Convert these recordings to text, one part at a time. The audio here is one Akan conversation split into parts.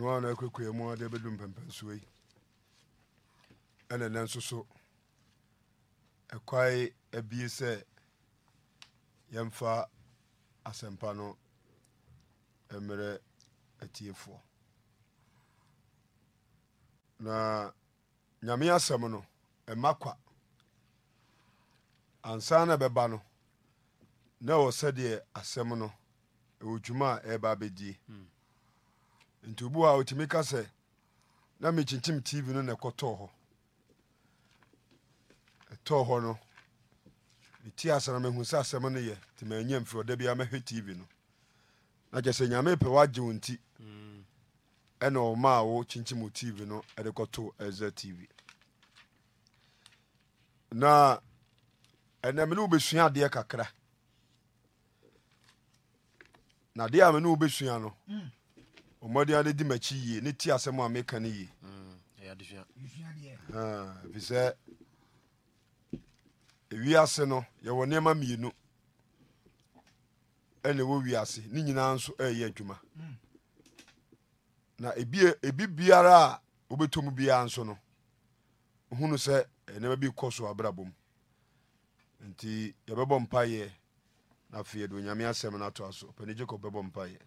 ɔno a na akwakuaɛ mu ade bɛdu mpɛmpɛnsoa yi ɛna nɛ nso so ɛkwae abie sɛ yɛmfa asɛmpa no mmerɛ atiefoɔ na nyame asɛm no ɛma kwa ansa na bɛba no na ɛwɔ sɛdeɛ asɛm no ɛwɔ dwuma a ɛreba abɛdie mm nti obi a otumi ka sɛ na mekyinkyim tv no na ɛkɔtɔɔ hɔ ɛtɔɔ hɔ no meti asana mahu sɛ asɛm no yɛ nti maanya mfiri ɔda biaa mɛhwɛ tv no na kyɛ nyame pɛ woagye wo nti ɛna ɔmaa wo kyinkyim wo tv no ɛde kɔto ɛza tv na ɛnɛ mi ne wobɛsua adeɛ kakra na adeɛ a me ne wobɛsua no mm ɔmɔde ade di makyi yie ne ti asɛm a meka no yie mm, ɛfiri ah, sɛ ewiase no yɛwɔ nneɛma mmienu ɛna ɛwɔ wiase ne nyinaa nso ɛyɛ adwuma mm. na ebi ebi biara a wobɛtɔ mu biara nso no hunu sɛ nneɛma bi kɔ so abrabɔ mu nti yɛbɛbɔ mpayɛ na afei yɛde onyame asɛm no atoa so ɔpani gyekɔ bɛbɔ mpayɛ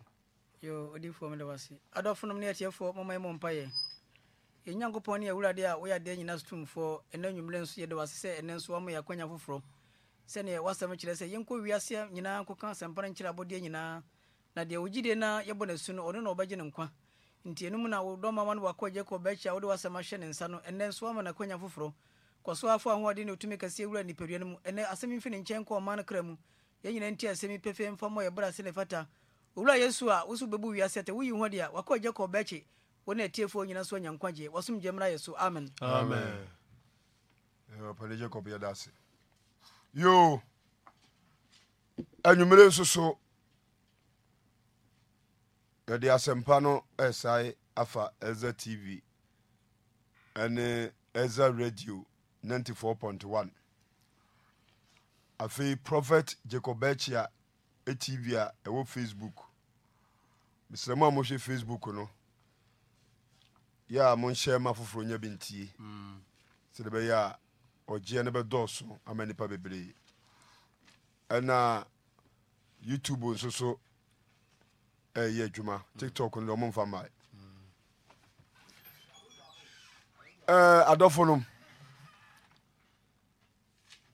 yo odi fo mele wasi odifoɔ mede wase adɔfo nom ne atiɛfoɔ mɔma yɛ mɔ nyango poni nyankopɔn wura dia wo ya adeɛ nyina so tomfoɔ ɛna nwummerɛ nso yɛde wase sɛ ɛnɛ nso wama yɛ akwanya foforɔ sɛneɛ woasɛm kyerɛ sɛ yɛnkɔ wiaseɛ nyinaa nkɔka asɛmpa no nkyerɛ abɔdeɛ nyina na deɛ wogyidie na yɛbɔ no su no ɔno na ɔbɛgye ne nkwa nti enu mu na wo wodɔma ma no wakɔ ko becha wo de wasa ma hye ne nsa no ɛnɛ nso ama no akwanya foforɔ kɔso afo ade ne ɔtumi kɛseɛ wura ni no mu ene asemi mfi ne nkyɛn kɔ ɔma no kra mu yɛn nyina nti asemi pefe mfa mo ye bra se ne fata owura yesu a woso bɛbu wiase atɛ woyi ho deɛ wakɔ agya kɔ ɔbɛkye wo ne atiefoɔ nyina so anya nkwagyeɛ wasomgye mmra yɛ so amen ɔpɛde jacob yɛda ase yo anwummere nso so yɛde asɛmpa no ɛsae afa ɛza tv ɛne ɛza radio 94.1 afei prophet jacob bɛkyi a ɛtv a ɛwɔ facebook mesrɛ mo a mohwɛ facebook no yɛ a monhyɛ ma foforɔ nya bi ntie mm. sɛde bɛyɛ a ɔgyeɛ no bɛdɔɔso ama nnipa bebree ɛna youtube nso so ɛyɛ adwuma mm. tiktok no deɛ ɔmo mfa mmae mm. adɔfo nom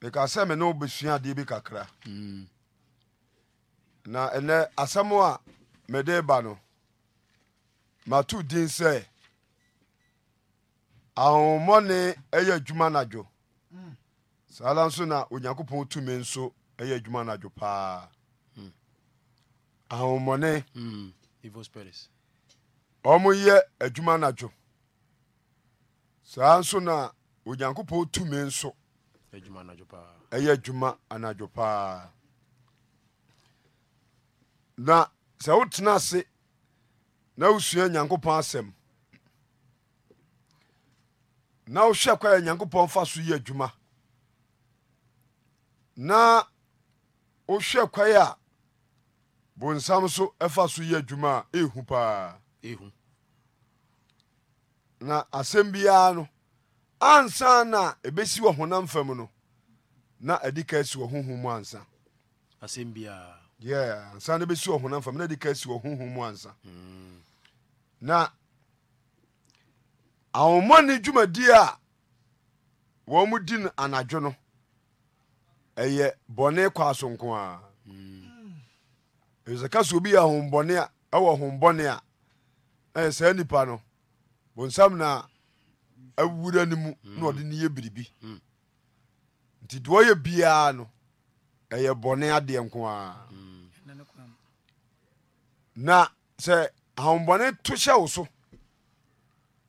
meka sɛ me ne wobɛsua adeɛ bi kakra na ɛnɛ asɛm a mede ba no mato din sɛ ahohommɔne ɛyɛ adwuma nadwo saa ara nso na onyankopɔn tumi nso ɛyɛ adwuma nadwo paa ahohommɔne hmm, ɔmoyɛ adwuma nadwo saa nso na onyankopɔn tumi nso ɛyɛ adwuma anadwo paa na sɛ wotena ase na wosua nyankopɔn asɛm na wohwɛ kwa a nyankopɔn fa so yi adwuma na wohwɛ kwae a bonsam so ɛfa so yi adwuma a ɛhu paa na asɛm biara no ansa na ebesi wɔ honam fam no na ɛdi ka asi wɔ honhom mu ansa asɛm biara ansa no bɛsi ɔhona mfa mena de ka si ɔhoho mu ansa hmm. na ahommɔne dwumadie a wɔ mu di no anadwo no ɛyɛ bɔne kɔ asonko a hmm. ɛsɛ ka sɛ obi yɛ ahombɔne a ɛwɔ hombɔne a ɛyɛ saa nipa no bonsam na awura no mu na ɔde no yɛ hmm. biribi nti deɛ ɔyɛ biara no ɛyɛ bɔne adeɛ nko a na sɛ ahombɔne to hyɛ wo so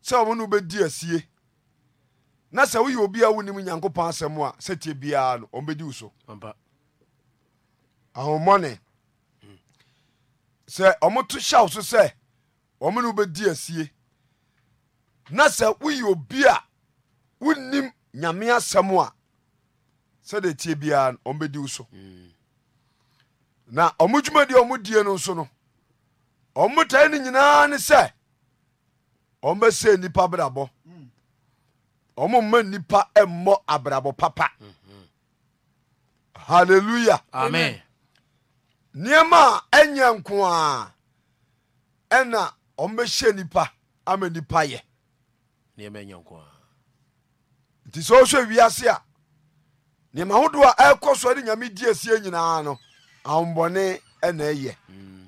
sɛ ɔmo no wobɛdi asie na sɛ woyɛ obi a wonim nyankopɔn asɛm a sɛtie biara no ɔmo bɛdi wo so ahombɔne sɛ ɔmo to hyɛ wo so sɛ ɔmo no wobɛdi asie na sɛ woyɛ obi a wonnim nyame asɛm a sɛdeɛ tie biara no ɔmo bɛdi wo so mm. na ɔmo dwumadi a ɔmo die no nso no ɔmotae no nyinaa ne sɛ ɔmbɛsɛ nnipa brabɔ mm. ɔmomma nnipa mmɔ abrabɔ papa halleluya nneɛma a ɛnyɛ nko a ɛna ɔmbɛhyɛ nipa ama nipa yɛ nti sɛ wohwɛ wiase a nneɛma a ɛkɔ so de nyame di asie nyinaa no ahombɔne ɛna mm.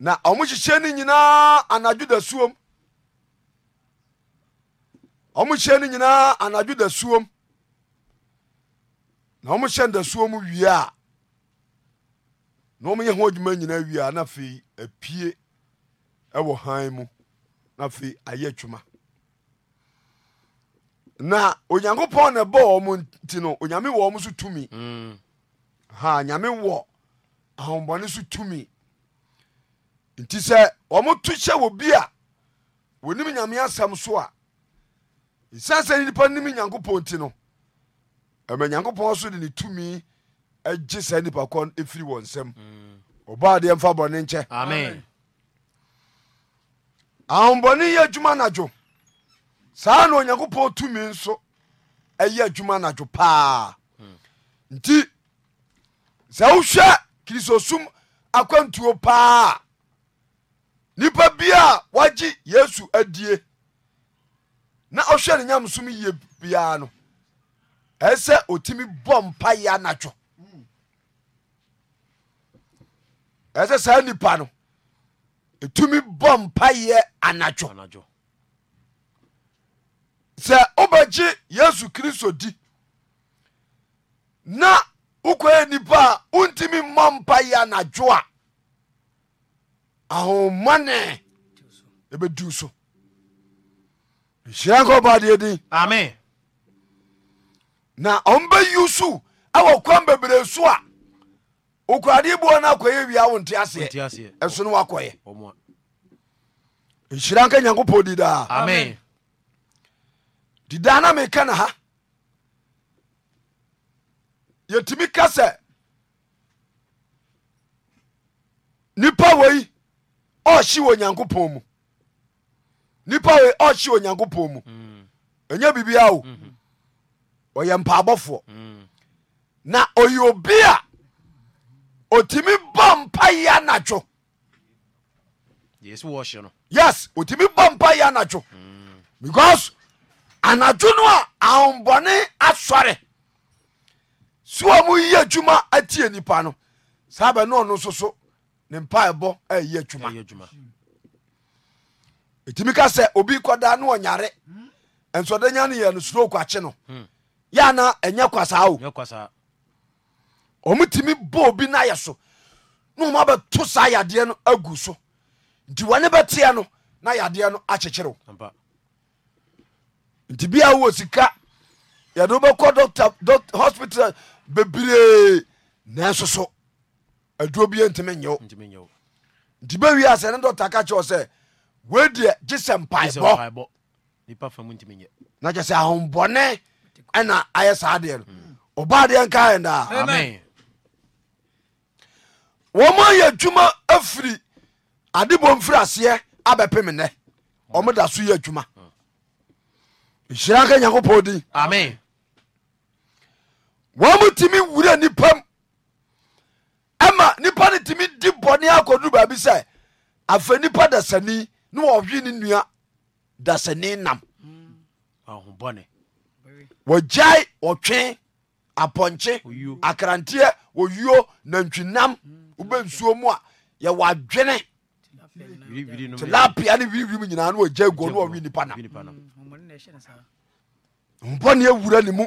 na ɔmokyekyɛ no nyinaa anadwo na ɔmohyɛ da suom wie a na ɔmoyɛ ho adwuma nyinaa wie a na afei apue ɛwɔ mu na afei ayɛ adwuma na onyankopɔn na ɛbɔ wɔ mo no onyame wɔ mm. ha nyame wɔ ahombɔne so tumi nti sɛ ɔmoto hyɛ wɔ bi a wɔnim nyame asɛm so a nsiane sɛ nnipa nim nyankopɔn nti no ɛma nyankopɔn so de ne tumi agye saa nnipa kɔ no ɛfiri wɔ nsɛm mm. ɔbaa deɛ mfa bɔne nkyɛ ahombɔne yɛ adwuma nadwo saa na onyankopɔn tumi nso ɛyɛ adwuma nadwo paa mm. nti sɛ wohwɛ kirisosum akwantuo paa nipa bi a yesu adie na ɔhwɛ ne nyamsom yie biara no ɛsɛ ɔtumi bɔ mpa yɛ anadwo ɛsɛ saa nipa no ɛtumi bɔ mpa yɛ anadwo sɛ wobɛgye yesu kristo di na wokɔyɛ nipa a wontumi mmɔ mpa yɛ anadwo a ahomane ɛbɛdu so nhyira nka ɔbadeɛ din amen na ɔmbɛyi so awɔ kwan bebree so a okuradeɛ boɔ na akɔyɛ wia wo nte aseɛ ɛso no wakɔyɛ nhyira nka nyankopɔn di daa amen didaa na meka na ha yɛtumi ka nipa wei ɔhye wɔ nyankopɔn mu nipa wei ɔhye wɔ nyankopɔn mu ɛnya mm. biribia mm-hmm. o ɔyɛ mpaabɔfoɔ mm. na ɔyɛ obi a ɔtumi bɔ mpa yi anadwo yes ɔtumi bɔ mpa yi anadwo mm. because anadwo no a ahombɔne asɔre so a mu yɛ adwuma atie nipa no saa bɛne ɔno nso ne mpaɛbɔ ɛyɛ adwuma ɛtumi ka sɛ obi kɔdaa ne ɔnyare ɛnsɔda nya no yɛ no suro kwakye no hmm. yɛ na ɛnyɛ kwasaa o ɔmo tumi bɔ obi no ayɛ so na ɔma bɛto saa yadeɛ no agu so nti wɔne bɛteɛ no na yadeɛ no akyekyerew nti bia wowɔ sika yɛde wobɛkɔ hospital bebree nanso so aduo bia ntimi nyɛ wo nti bɛwie asɛ ne dɔta ka kyɛw sɛ weideɛ gye sɛ mpaebɔ na kyɛ sɛ ahombɔne ɛna ayɛ saa deɛ no ɔba deɛ nka yɛn daa wɔma ayɛ adwuma afiri adebɔ mfiri aseɛ abɛpem nnɛ ɔmo da so yɛ adwuma nhyira nka nyankopɔn din wɔmo tumi wura nipam ɛma nipa no tumi di bɔne akɔduru baabi sɛ afei nipa dasani ne wɔhwe ne nua dasani nam wɔgyae mm. wɔtwe apɔnkye akranteɛ wɔyuo nantwinam wobɛnsuo mm. mu a yɛwɔ adwene tilapia ne wiriwiri mu nyinaa ne wɔgyae guo ne wɔwe nipa nam hompɔne awura ne mu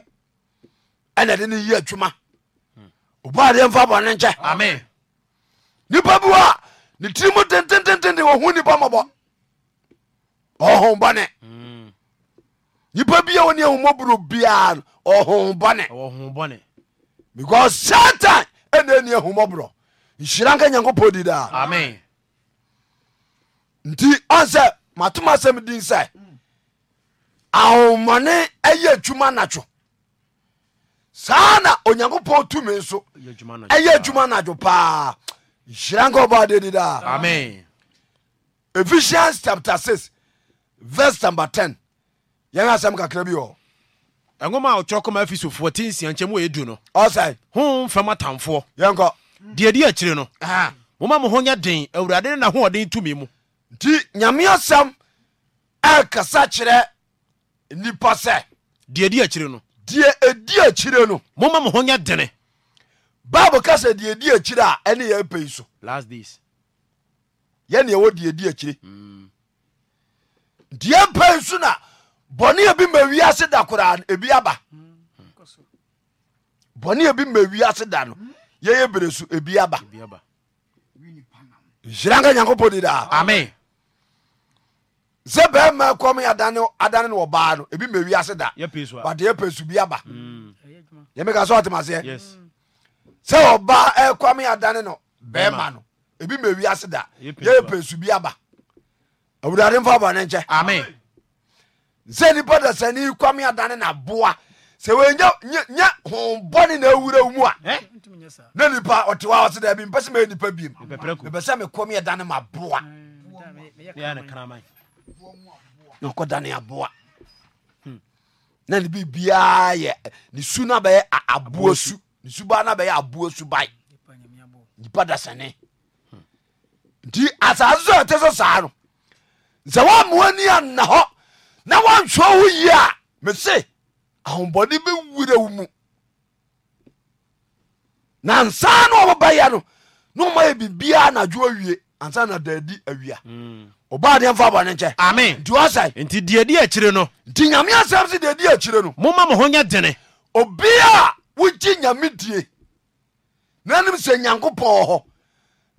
ɛna de ne yi atwuma obadeɛ mfa bɔne nkyɛ nipa bi wa ne tiri mu tentententente wɔhu nipa mɔbɔ ɔho bɔne nipa bia wo ne ahumɔburo biaa no ɔho bɔne because satan ɛne ni ahumɔborɔ nhyira nka nyankopɔn di daa nti ɔnsɛ matoma asɛm din sɛ ahomɔne ɛyɛ adwuma natwo saana onyankopɔn tumi nso ɛyɛ awuma nao paa erɛbɔnifii cha si vn0ɛɛsɛmaramaɛaf ɛ nnti yame sɛm kasa kyerɛaɛ deɛ ɛdi akyira no moma mɔho yɛ dene bible kasɛ deɛ ɛdi akyire a ɛne yɛpei so yɛneɛwɔ de ɛdiakyir deɛ pɛi so no bɔne abi mawiase da koraan biaba bɔne bi ma wise da no yɛyɛ brɛ so bi aba hyira nka nyankopɔn di daa sɛ bɛma kɔm adane no wɔbaa no ebi ma wiase da but yɛpɛ su bi aba mm. yɛmeka sɛ ɔtemaseɛ sɛ ɔba ɛkɔm adane no bɛma no ebi ma wiase da yɛpɛ su bi aba awurade mfa bɔne nkyɛ sɛ nipa da kɔm adane na boa sɛ wɔnyɛ hombɔne na awura wo mu a na nipa ɔtewa ɔse da bi mpɛ sɛ mɛyɛ nipa biom mepɛ sɛ mekɔm adane ma nkɔdane aboa hmm. na ne bibiaa yɛ ne su no bɛyɛ aboa su ne suba no bɛyɛ aboa su bae nipa dasane nti asase so ɛte so saa no sɛ woamoani anna hɔ na woanhwɛ ho yie a mese ahombɔne bɛwura wo mu na nsa no ɔbɛbɛyɛ no na ɔma yɛ biribiaa nadwo awie ansa na daadi awia hmm. badefa bɔkyɛnsadkr nti nyame asɛm se deɛdekyire no moma maho yɛ dene obi a wogye nyame die nanim sɛ nyankopɔn hɔ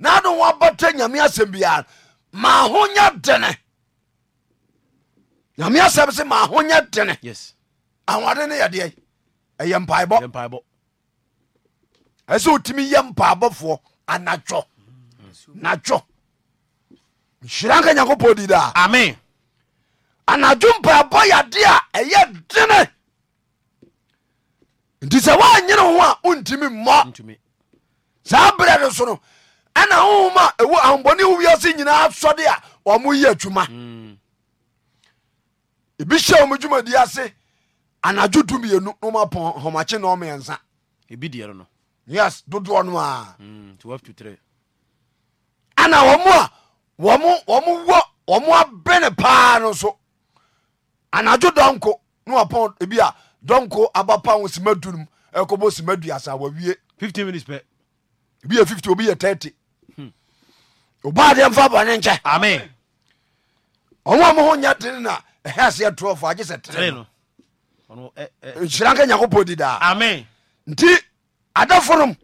nado wobata nyame asɛmbia mahoya dene nyame asɛm se maahoyɛ dene awade ne yɛdeɛ ɛyɛ mpabɔ ɛsɛ ɔtumi yɛ mpabɔfoɔ anawnawɔ nhyira nka nyankopɔn di daa amen anadwo mpaabɔ yade a ɛyɛ dene nti sɛ woanyene ho a wontimi mmɔ saa berɛ no so no ɛna honhom a ɛwɔ ahombɔne wo nyinaa sɔde a ɔmo yi adwuma mm. ebi hyɛ ɔmo dwumadi ase anadwo dumienu na ɔmo apɔn homakye na ɔmo yɛnsa yes dodoɔ no a ana mm, ɔmo a wɔmo wɔ wɔmo abene paa no so anadwo dɔnko ne wɔpɔn ebi a dɔnko aba pɔn sima du nom ɛkɔbɔ sima du asa wɔwie fifteen minutes pɛ obi yɛ fifty obi yɛ thirty ɔbaa deɛ nfa bɔ ne nkyɛn amen ɔmo a mo ho nya tene na ɛhɛ aseɛ torɔ fo agye sɛ tere no nhyira nka nyankopɔn di daa amen nti adafo nom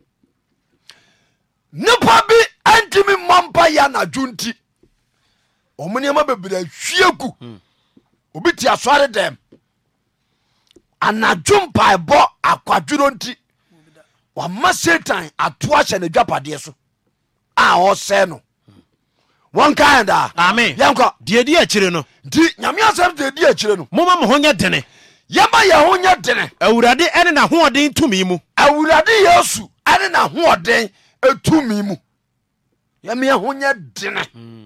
nipa bi antimi mmɔ mpa yɛ anadwo nti ɔmonema bebre hwie ku obi te asɔre dɛm anadwo mpaebɔ akwadwuro nti wama satan atoa hyɛ n'adwapadeɛ so a ɔsɛe no wɔnkadaa deɛdi akyire no nti nyame asɛm deɛdi akyire no moma mo ho nyɛ dene yɛma yɛ ho nyɛ dene awurade ɛne n'ahoɔden tumi mu awurade yesu ɛne n'ahoɔden tumi mu yɛma yɛ ho nyɛ dene hmm.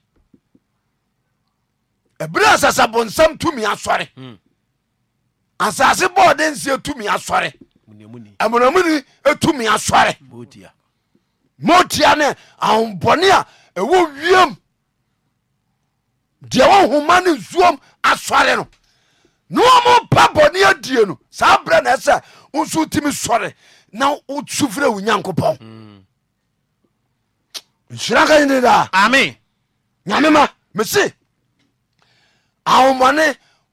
ɛberɛ asasabonsam tumi asɔre hmm. asase bɔɔde nsie tumi asɔre amunamuni e tumi asɔre motia ne ahombɔne a ɛwɔ wiem deɛ wɔhoma ne nsuom asɔre no na wɔmo pa bɔne adie no saa berɛ na ɛsɛ nso tumi sɔre na wosufrɛ wo nyankopɔn hmm. nhyira ka yene daa ame nyame ma mese ahomɔne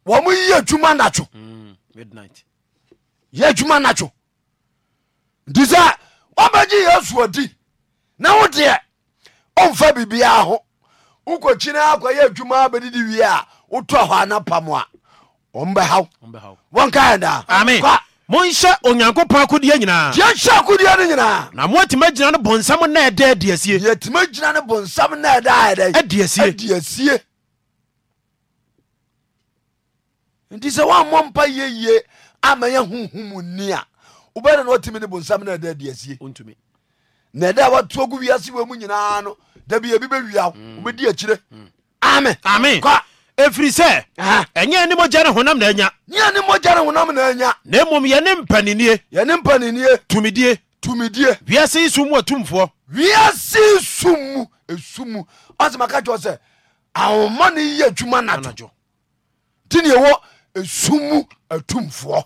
wɔmo yi adwuma nacho mm, yɛ adwuma nacho nti sɛ wobɛgye yesu adi na wo deɛ ɔmfa biribiaa ho wokɔkyina akɔyɛ adwuma bɛdidi wie a wotɔ hɔ ana pam a ɔmbɛhaw wɔnkaɛdaa monhyɛ onyankopɔn akodeɛ nyinaa yɛhyɛ akodeɛ no nyinaa na moatumi gyina no bonsam na ɛdɛ adiasie yɛtumi gyina no bonsam na ɛdɛ adiasie ntisɛ womɔ mpa yeye amayɛhohomnia wobɛdɛn ɔtimi ne bonsam nodadasie naɛdɛ watgu wiase wmu yinaa no abiabi bɛwia mm. wobɛdi kyir ɛfiri mm. sɛ ɛyɛnema ne honamnya nmynempann t ise smmuatumfoɔ sasɛ omane yɛ wuma nau tinh summu atumfoɔ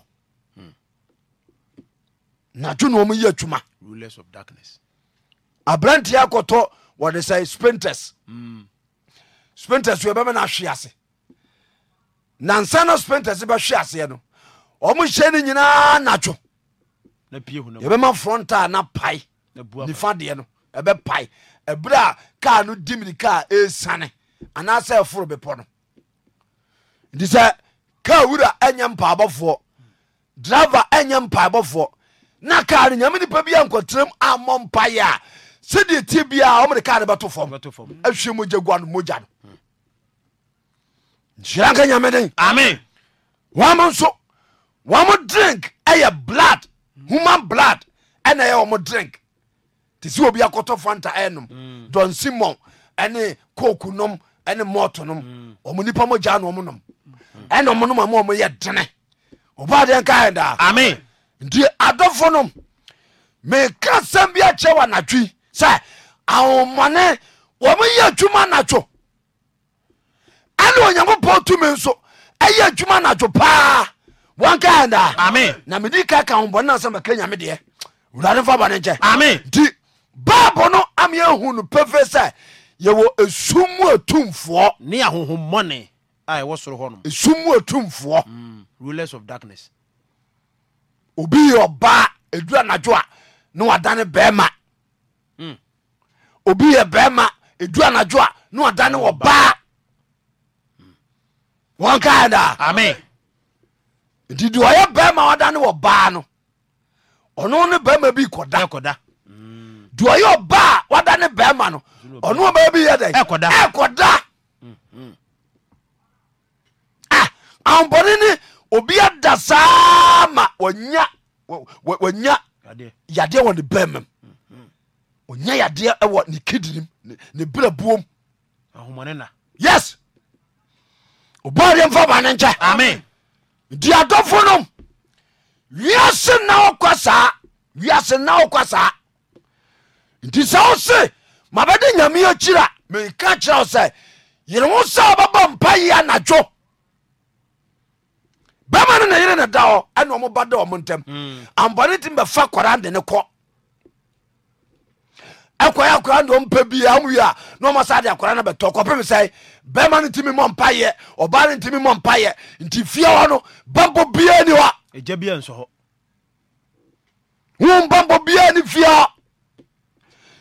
natwo na ɔm ya atwuma abrantia kɔtɔ wɔde sɛ spanters spnters yɛbɛma na he ase nansan na spenters bɛhwe aseɛ no ɔm hyɛ ne nyinaa natwoybɛma fronta napai nfadeɛ no bɛ pa br kar no dimir ka ɛsane anaasɛ ɛforo bepɔ nontis kawra nyɛ mpa bɔfoɔ drave nyɛ mpa bɔfoɔ na kare nyame nipa bi ankwateram amɔ mpay sɛdeɛtie bi omde kane btofammaaymso womo drink yɛ blood human blood nyɛ womo drink tsɛikofntsmnntmnipamanmnom ɛna ɔmonom ama ɔmoyɛ dene ɔbaadeɛ nka yɛ daa ame nti adɔfo nom meka sɛm bi akyɛ wɔ anatwi sɛ awomɔne wɔmoyɛ adwuma anatwo ɛne onyankopɔn tumi nso ɛyɛ adwuma natwo paa wɔnka yɛ daa ame na medi ka ka hombɔne na sɛ mɛka nyame deɛ wurade mfa bɔne nkyɛ ame nti bible no ameɛ hu no pefe sɛ yɛwɔ esum mu atumfoɔ ne ahohommɔne ɛwɔ soro hɔ ɛsumu atumfoɔ mm, rulers of darkness obi yɛ ɔbaa ɛdura anadwo a na wadane bɛɛma mm. obi yɛ bɛɛma ɛdura anadwo a na wadane wɔbaa mm. wɔn kaa daa amen nti deɛ ɔyɛ bɛɛma wadane wɔbaa no ɔno ne bɛɛma bi kɔda kɔda deɛ ɔyɛ ɔbaa wadane bɛɛma no ɔno bɛɛ bi yɛ dɛ ɛkɔda ɛkɔda ahompɔne ne obi ada saa ma wanya yadeɛ wɔ ne bɛmam ɔnya yadeɛ ɛwɔ ne kidinim ne berɛ buom yes ɔbɔdeɛ mfa ba ne nkyɛ nti adɔfo nom wiase na wokɔ saa wiase na wokɔ saa nti sɛ wo se mabɛde nyame akyira meka kyerɛ wo sɛ yere wo sɛ wobɛbɔ mpa yi anadwo bɛma hmm. no nayere ne da ɔ ɛne ɔmo ba da ɔmo ntam ambɔne tim bɛfa kwara de ne kɔ ɛkɔyɛ akwara de ɔmpɛ bia ɔmo wie a na ɔma saa de akwara no bɛtɔ kɔpem sɛ bɛma no ntimi mɔ mpayɛ ɔba no ntimi mɔ mpayɛ nti fie hɔ no bambɔ bia ni hɔ ɛgya bia nsɔ hɔ wo bambɔ bia ne fie hɔ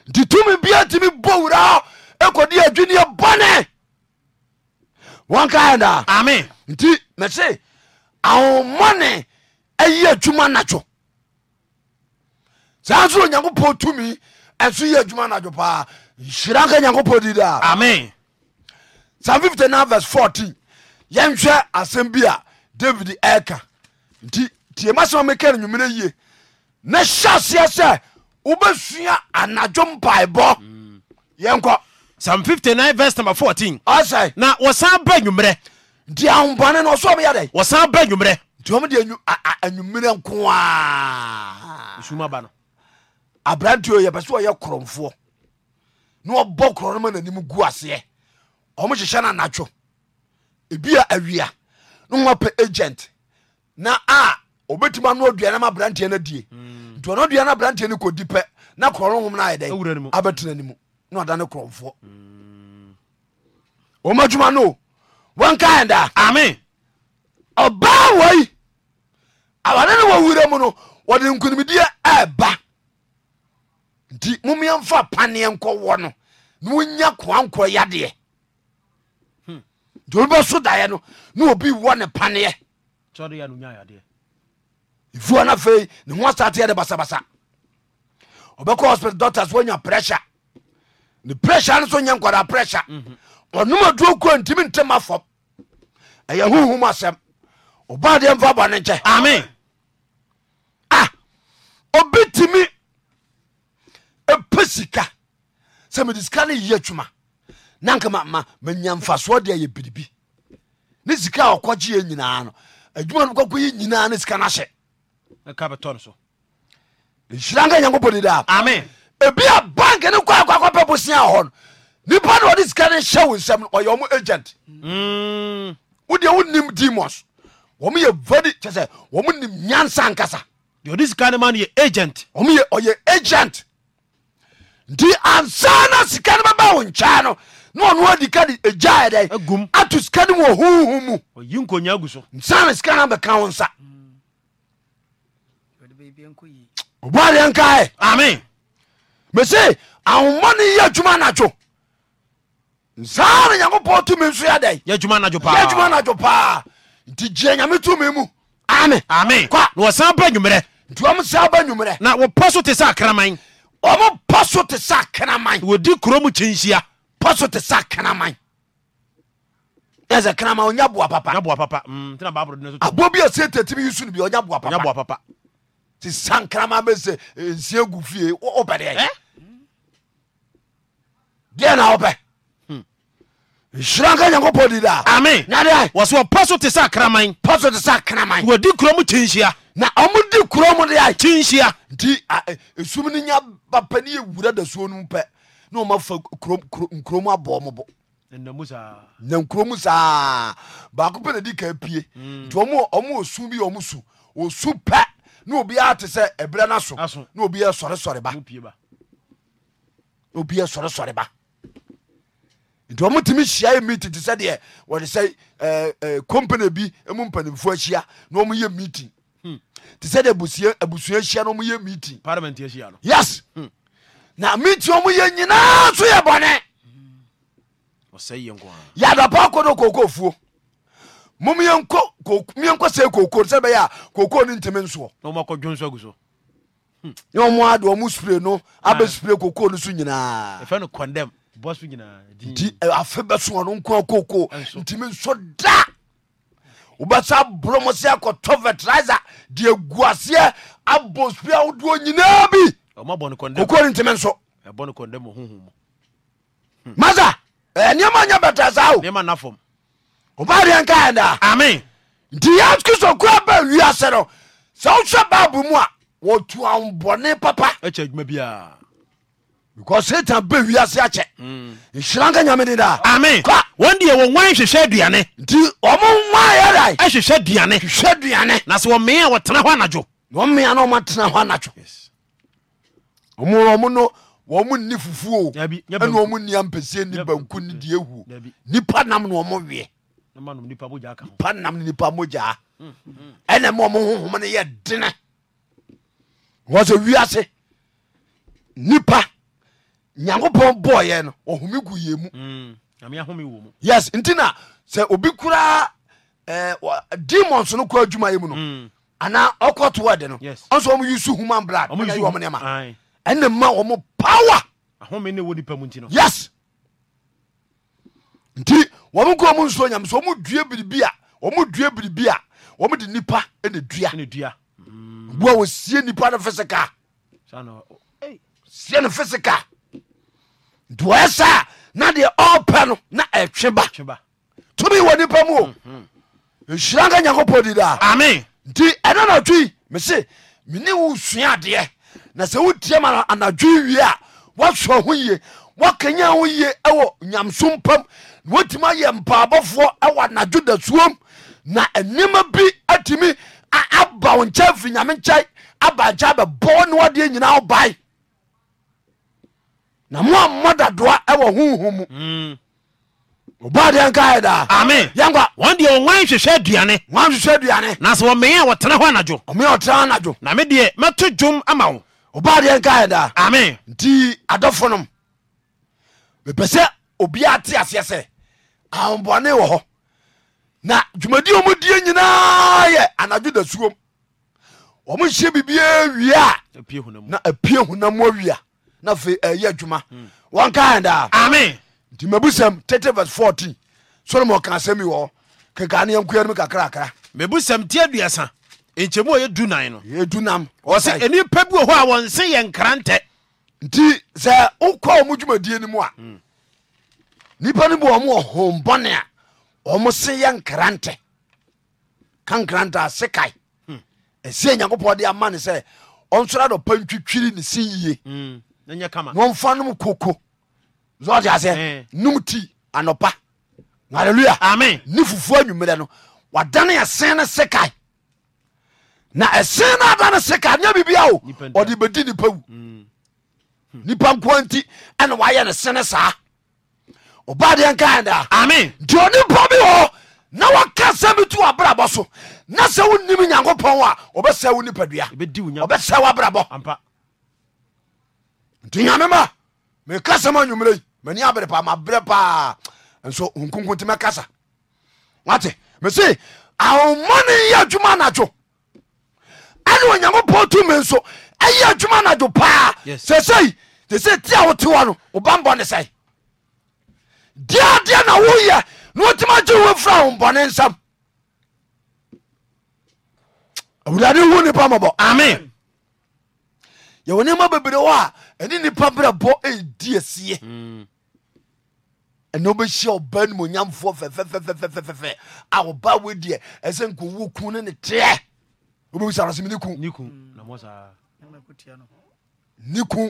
nti tumi bia ntimi bɔ wura hɔ ɛkɔdi adwiniɛ bɔne wɔnkaɛ daa ame nti mɛse ahommɔne ɛyɛ adwuma nadwo saa soro onyankopɔn tumi ɛnso yɛ adwuma nadwo paa nhyira nka nyankopɔn didaa amen psalm 59 verse 14 yɛnhwɛ asɛm bi a david ɛɛka nti tie masɛm a mekɛ no nwumere yie na hyɛ aseɛ sɛ wobɛsua anadwo mpaebɔ mm. yɛnkɔ psalm 59 verse number 14 ɔsɛ na wɔsan ba nwummerɛ ndị ahụ no ɔsɛ ɔmyɛ dɛ wɔsan ba anwummerɛ nti ɔm de anwummerɛ nko a suma sɛ ɔyɛ korɔmfoɔ na ɔbɔ korɔ no ma nanim gu aseɛ ɔmo hyehyɛ no anatwo ebia awia ne ho apɛ agent na a obetuma ano aduane ma aberanteɛ no adie hmm. nti ɔno aduane aberanteɛ no kɔdi pɛ na korɔ no hom dɛ abɛtena na ɔda ne korɔmfoɔ ɔma hmm. adwuma no wɔnkaɛdaa ame ɔbaa wai awade ne wɔwura mu no wɔde nkonimdiɛ aba nti momeɛmfa paneɛ nkɔwɔ no na wonya koa nkɔ yadeɛ hmm. nti obibɛso daeɛ no na obi wɔ ne paneɛ ɛfua no afei ne ho asateɛ de basabasa ɔbɛkɔ hospital doctors woanya pressure ne pressure no so nya nkwadaa pressure mhm. ɔnom adku ntimi ntemafom yɛ hohum asɛm badɛ fa bɔne nkyɛ ah, obɛtimi pɛ sika sɛ mede sika no yɛuma na eya fasoɔdybiribi e sika kɔyɛ yinaayina n sikansɛsiraka nyankpɔdd ebia bank no kakakapɛ bosea hɔn nipa na ɔde sika ne hyɛ wo nsɛm no ɔyɛ ɔmo agent mm. wodeɛ wonim demons wɔm yɛ very kyɛ sɛ wɔm nim nyansa ankasa deɛ ɔde ma no yɛ agent ɔm yɛ ɔyɛ agent nti ansa na sika no bɛba nkyɛn no na ɔno adi ka de egya yɛ dɛ ato sika no wɔ mu ɔyi nkonya agu so nsa na sika no abɛka wo nsa obuadeɛ nkaɛ amen mese ahomɔ no yɛ adwuma anadwo nsaa na nyankopɔn tumi nso yɛdɛn yɛdwuma anadwo paa yɛdwuma anadwo paa nti gyea nyame tumi mu ame ame kwa na wɔsan ba nwumerɛ nti ɔm saa ba nwumerɛ na wɔpɔ so te sɛ akraman ɔmo pɔ so te sɛ akraman wɔdi kuro mu kyinhyia pɔ so te sɛ akraman ɛsɛ kraman ɔnya boa papa nya boa papa mm tena baabolo dunu so aboa bi a se tetimi yusu no bi ɔnya boa papa nya boa papa ti san kraman bɛ se eh, nsia gu fie ɔbɛdeɛ eh? deɛ na ɔbɛ nsira nka nyankopɔn di da ame wɔsɛ ɔpɔ so te sɛ akraman pɔ so te sɛ akraman wɔdi kuro mu kyinhyia na ɔmode kuro mu de a kyinhyia e, nti esum no nya ba pɛ ne yɛwura da suo no pɛ na ɔmafa nkurom abɔ mo bo na nkurom saa baako pɛ na di ka pie mm. nti ɔmo ɔsu bi ɔmo su ɔsu pɛ na obiara te sɛ ɛberɛ no so na obiara sɔresɔre ba obiara sɔresɔre ba nti ɔmotumi hyia yɛ meeting te sɛ deɛ wɔde sɛ company bi mu mpanimfoɔ ahyia na ɔmoyɛ meeting hmm. te sɛ deɛ abusua ahyia na ɔmoyɛ meeting parliament ahyia no yes hmm. na meeting ɔmoyɛ nyinaa so yɛ bɔne hmm. yɛadapa kɔ no kokofuo momiɛnkɔ sɛ koko sɛ bɛyɛ a koko ni ntimi nsoɔ ne ɔmo ade ɔmo spray no ah. abɛspray koko no so nyinaa Eh, afe bɛsoano nkoa koko ntimi nso da wobɛsa borɔmɔ se kɔtɔ veteriser hmm. eh, deɛ guaseɛ abosbia wodoɔ nyinaa biokur ntim nsomasaneɛma nya etiseoobareka ntiyakriso koa ba wiasɛ no sɛ wohɛ bab mu a woto ambɔne papa because satan bɛ wiase akyɛ mm. nhyira nka nyame de daa ame wɔn deɛ wɔ wan hwehwɛ aduane nti ɔmo wan yɛda ɛhwehwɛ aduane hwehwɛ aduane na sɛ wɔmmea a wɔtena hɔ anadwo wɔmmea na ɔmatena hɔ anadwo ɔmo ɔmo no wɔmo nni fufuo ɛne ɔmo ni mpɛsie ne banku ne deɛ huo nipa nam na ɔmo weɛ nipa nam ni nipa mogyaa ɛnɛ ma mm, ɔmo mm. honhom no yɛ dene wɔ sɛ wiase nipa nyankopɔn bɔɔyɛ no ɔhome gu yɛ mm, mu yes nti na sɛ obi koraa eh, demons no kɔ adwuma yɛ mu no mm. anaa ɔkɔ to wɔde no ɔnso ɔmo yusu human blood ɔmo yusu ɔmo nneɛma ɛnna ma ɔmo power ahome ne wɔ nipa mu nti no yes nti wɔn kɔ ɔmo nsuo nyame so ɔmo dua biribi a ɔmo dua biribi a ɔmo de nipa ɛna dua mm. bua wɔ sie nipa no fisika sie no fisika nti na deɛ ɔpɛ no na ɛtwe ba tumi wɔ nipa mu o mm-hmm. nhyira nka nyankopɔn di daa amen nti ɛna Me mese mene wo sua adeɛ na sɛ wotiam anadwe wie a woasɔ ho ye woakanya ho ye ɛwɔ nyamso mpam na woatumi ayɛ mpaabɔfoɔ ɛwɔ anadwo dasuom na nneɛma bi atumi aba wo nkyɛn firi nyame nkyɛn aba nkyɛn abɛbɔ ne wadeɛ nyinaa wobae na moa mmɔdadoa ɛwɔ hoho mu ɔbɔdeɛ hmm. nkaɛ daa ame yɛnkwa wɔn deɛ ɔwan hwehwɛ aduane wan hwehwɛ aduane na sɛ wɔmee a wɔtena hɔ anadwo ɔmea ɔtena anadwo na me deɛ mɛto dwom ama wo ɔbɔdeɛ nkaɛ daa ame nti adɔfo nom mepɛ sɛ obiaa te aseɛ sɛ ahombɔne wɔ hɔ na dwumadi ɔmu die nyinaa yɛ anadwo da suom ɔmo hyɛ biribiaa wie a na apie hunam awia na fe ɛyɛ eh, adwuma wɔnkadaa Amen. nti mabusɛm 30 verse 14 solomon ka asɛm yi wɔ kenka ne yɛnkoa no mu kakrakra mebusɛm ti aduasa nkyɛmu a ɔyɛ du nan no yɛdu nam ɔsɛ ɛnipa bi wɔ hɔ a wɔnse yɛ nkrantɛ nti sɛ wokɔ ɔmo dwumadie no mu a nipa no bi wɔ mo wɔ a ɔmo se yɛ nkrantɛ ka nkrantɛ a sekae hmm. ɛsie nyankopɔn de ama ne sɛ ɔnsora dɔpa ntwitwiri ne se yie hmm wɔmfa nom koko sɔde asɛ nom ti anɔpa hallelujah amen ne fufuo anwummerɛ no wadane ɛsen no sekae na ɛsen no adane sekae nyɛ biribia o ɔde bɛdi nipa wu mm. nipa nkoa nti ɛna wayɛ no sene saa ɔba deɛ nkaɛ daa amen nti onipa bi hɔ na waka sɛ bi to wabrabɔ so na sɛ wonim nyankopɔn a ɔbɛsɛ wo nipadua ɔbɛsɛ wabrabɔ nti nyamema mekasa ma anwumerei mani abere paa mabrɛ paa nso nkonko ti mɛkasa wate mese ahomɔne yɛ adwuma anadwo ɛne onyankopɔn tumi nso ɛyɛ adwuma anadwo paa sɛsei sɛsei tia wote hɔ no wobambɔ ne sɛe deadeɛ na woyɛ na wotimi agye wo fira ahombɔne nsam awurade hu nipa mɔbɔ amen yɛwɔ nneɛma bebree hɔ a ɛne nipa brɛbɔ ɛdi asiɛ ɛna wobɛhyia ɔba no monyamfoɔ fɛfɛfɛfɛfɛfɛ a ɔba wedeɛ ɛsɛ nkɔwu ku no ne teɛ wobɛwisa no semene ku ne ku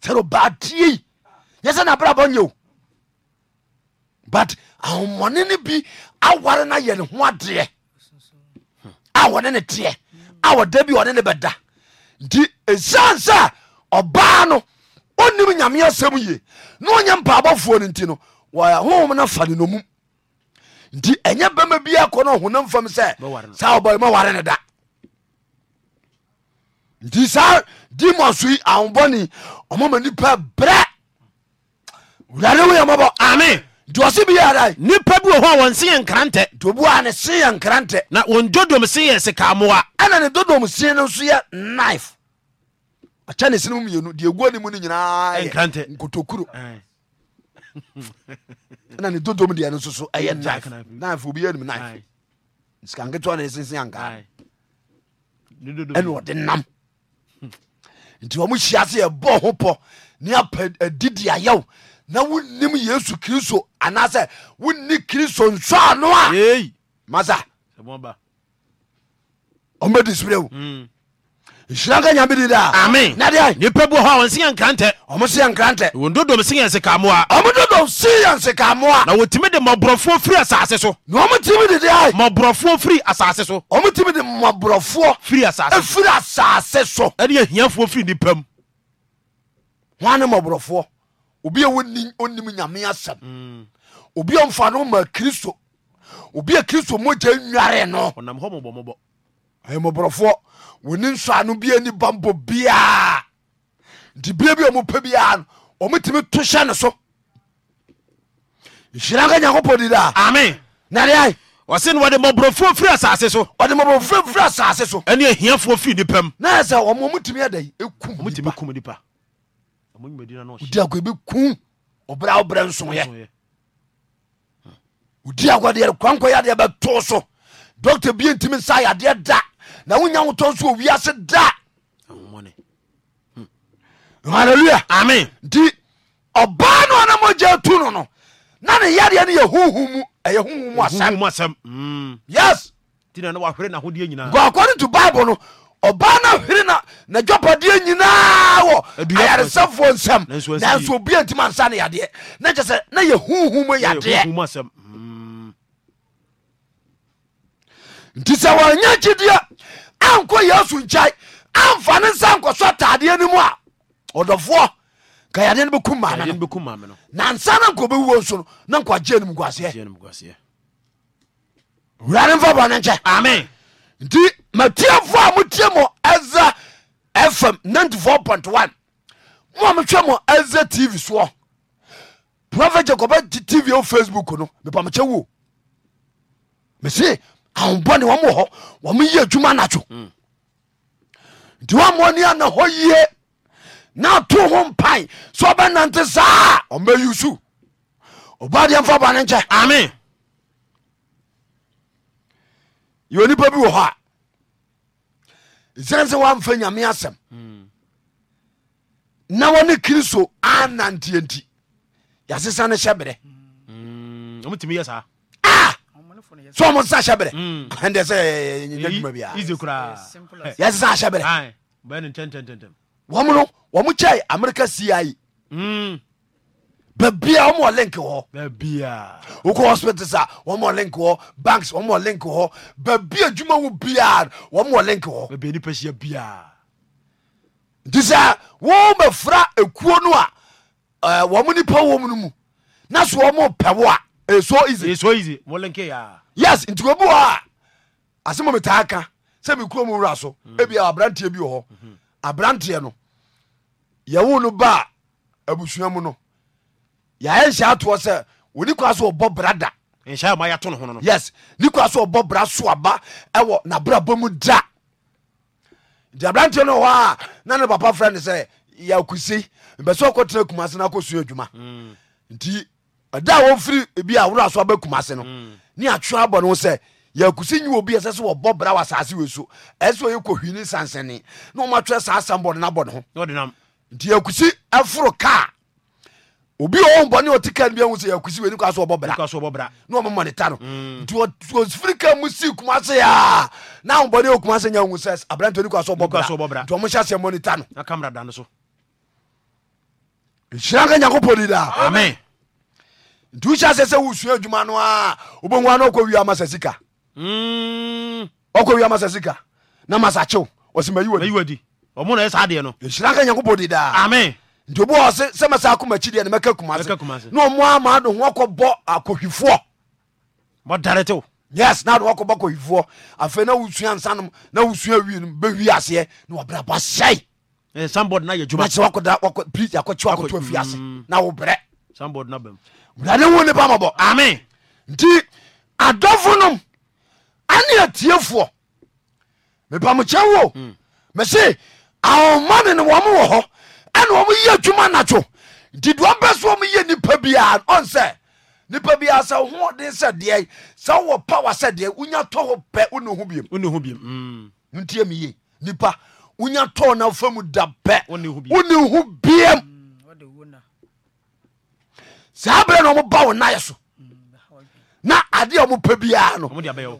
sɛde ɔbaa tiei yɛ sɛ na brɛbɔ nyɛ o but ahommɔne no bi aware no yɛ ne ho adeɛ a wɔne ne teɛ a wɔda bi ɔne ne bɛda nti ɛsiane sɛ ɔbaa no ɔnim nyameɛ asɛm ye na ɔnyɛ mpaabɔfoɔ no nti no hohom no fa ne nomum nti ɛnyɛ bɛma bia kɔ no ɔhonam fam sɛ saa ɔbaa ma ware ne da nti saa demon so yi ahobɔne ɔmama nipa brɛ wurade woyɛ mɔbɔ ame nti ɔse biyɛda nipa bi wɔ hɔ a wɔn se yɛ nkrantɛ nti ne se yɛ nkrantɛ na wɔn dodom se yɛ sekaa mmoa ɛna ne dodom se no nso yɛ knife akyɛ ne sene mmienu deɛ ɛguo ne mu no nyinaa yɛ nkotokuro na ne dodom deɛ no nsoso ɛyɛ knife knife obi yɛnum knife sikanketewa ne ɛsensen ankaa ɛne ɔde nam nti wɔn hyia se ɛbɔ ho pɔ ne apɛ adidi ayɛw na wonim yesu kristo anaasɛ wonni kristo nsɔ ano a masa ɔmbɛdi sibirɛ wo nhyira nka nyame di daa ami nadeɛ nipa bi wɔ hɔ a wɔn si yɛ nkrantɛ ɔmo si yɛ nkrantɛ wɔn dodom si yɛ nsekamoa ɔmo dodom si yɛ nsekamoa na wɔtumi de mɔborɔfoɔ firi asase so na ɔmo tumi de deɛ mɔborɔfoɔ firi asase so ɔmo tumi de mɔborɔfoɔ firi asase efiri asase so ɛni ahiafoɔ firi nipa mu wɔn ane mɔborɔfoɔ obi a onim nyame asɛm mm. obi a nfa no ma kristo obi a kristo mogya nware no ɔnam hɔ mɔbɔmɔbɔ ɛyɛ mɔborɔfoɔ woni nsoano biani bambɔ biaa nti bia bi ɔmopɛ biaa no ɔmotumi to hyɛ ne so nhyira nka nyankopɔn di daa ame nade ɔse no wɔde mmɔborɔfoɔ firi asase so ɔde mmɔborɔfoɔ firi asase so ɛne ahiafoɔ firi nipa m na ɛsɛ ɔmo ɔmotumi adai ɛkumtumi kum nipa odi akɔ ɛbɛku ɔbrɛ wobrɛ nsoyɛ odi akɔ deɛ kwankɔ yɛ adeɛ bɛtoo so dɔkta bia ntimi nsa yɛ adeɛ da nawoya wotɔsoowise daaleluia hmm. ami nti ɔba no anamɔgya tu no no nane yadeɛ no yɛhom yɛ omu asɛmsɛmk hmm. to bible no ɔba no hwere n nadwapadeɛ nyinaa wɔ ayaresɛfoɔ nsɛmnasoobia ntinsano deɛkyɛ sɛ nayɛhoho mu yɛdeɛ hmm. nti sɛ wya kyedea ankɔ yesu nkyɛe amfa ne nsa nkɔsɔ taadeɛ no mu a ɔdɔfoɔ kayadeɛ no bɛku ma me no nansa na nkɔ bɛwuo nso no na nkɔ agye no muguaseɛ wurare mfa bɔne nkyɛ amen nti matiafoɔ a motie mɔ ɛza fm 94.1 moa motwɛ mɔ ɛza tv soɔ prophet jacob tv o facebook no mepamakyɛ wo mese ahobɔne wɔmwɔ hɔ wɔmeyɛ adwuma natwo nti woammɔni ana hɔ yie na ato ho mpae sɛ ɔbɛnante saa ɔmbɛyi so ɔbadeɛmfa bane nkyɛ ame yɛwɔ nipa bi wɔ hɔ a ɛsiane sɛ woamfa nyame asɛm na wɔne kristo ananteɛ nti yɛasesa no hyɛ berɛ ɔmtumi yɛ saa sɛ ɔmo nsa hyɛ berɛ mm. ɛndɛ sɛ nya dwuma bia yɛsesa hyɛ berɛ wɔm no wɔmo kyɛe amerika siayi mm. babia wɔmɔ link hɔ wokɔ hospitals a wɔmɔ link hɔ banks wɔmɔ link hɔ babia adwuma wo biaa wɔmɔ link hɔ nti sɛ wɔmafira ekuo no a wɔmo nipa wɔ mu no mu na so wɔmɔ pɛ wo a Eso easy eso easy mɔlenke ya yes nti obi hɔ a ah, asɛm mi taa ka sɛ mi kuro hmm. hmm. mu wura so ebi aberanteɛ bi wɔ hɔ aberanteɛ no yɛwo no ba abusua mu no yɛayɛ nhyɛ atoɔ sɛ wɔni kwa so ɔbɔ brada nhyɛ a ma yɛato no no yes ni kwa so ɔbɔ bra so aba ɛwɔ n'abrabɔ mu da nti aberanteɛ no wɔ hɔ a na ne papa frɛ no sɛ yɛakusi mpɛ sɛ ɔkɔtena kumase no akɔsua adwuma nti ɛda wɔmfiri bi aworɔ so abɛkum ase no ne atwe abɔ no sɛ yɛkusi nyi obi ɛsɛ sɛ wɔbɔ bra wɔ asase wei so ɛsɛ sɛ ɔyɛ kɔhwini sansane na ɔmatwerɛ saa asɛm bɔde no abɔ ne ho nti yɛkusi ɛforo kaa obi ɔwɔ mbɔne ɔte ka no bi ahu sɛ yɛkusi wei ne kwa so wɔbɔ bra na ɔmamɔ ne ta no nti ɔfiri ka mu si kuma se a na mbɔne ɔkuma se nya hu sɛ abrante ne kwa so wɔbɔ bra nti ɔmohyɛ aseɛ mmɔ ne ta no nhyira ka nyankopɔn di daa amen nti wohyɛ sɛ sɛ wosua adwuma no a wobɛhu ana ɔkɔ wie ama sa sika hmm. ɔkɔ wie ama sa sika na masa kyew ɔsɛ mayiwadi ɔmo na ɛ saa deɛ no nhyira ka nyankopɔn di daa amen nti obi wɔ se sɛ mɛsa akoma akyi deɛ no mɛka kuma se na ɔmo ama ado ho akɔbɔ akɔhwifoɔ mɔdare tew yes na ade wakɔbɔ akɔhwifoɔ afei na wosua nsanom na wosua wie no bɛwie aseɛ na wabrɛ bɔ sɛe eh, sanbɔd na yɛ dwuma kyɛ wakɔda please akɔkyew akɔto afiase na wobrɛ sanbɔd na bɛm wurade wo nipa mɔbɔ amen nti adɔfo nom ane atiefoɔ mepamokyɛ wo hmm. mese awoma ne ne wɔm wɔ hɔ ɛne wɔm yɛ adwuma natwo nti duam pɛ so wɔm yɛ nipa biaa ɔn sɛ nipa biaa sɛ wohoɔden sɛ deɛ sɛ wowɔ power sɛ deɛ wonya tɔ ho pɛ wone ho biam wone ho biam ntie meye nipa wonya tɔ no afa mu da pɛ wone ho biam saa berɛ na ɔmoba wo nayɛ so na adeɛ ɔmo pɛ no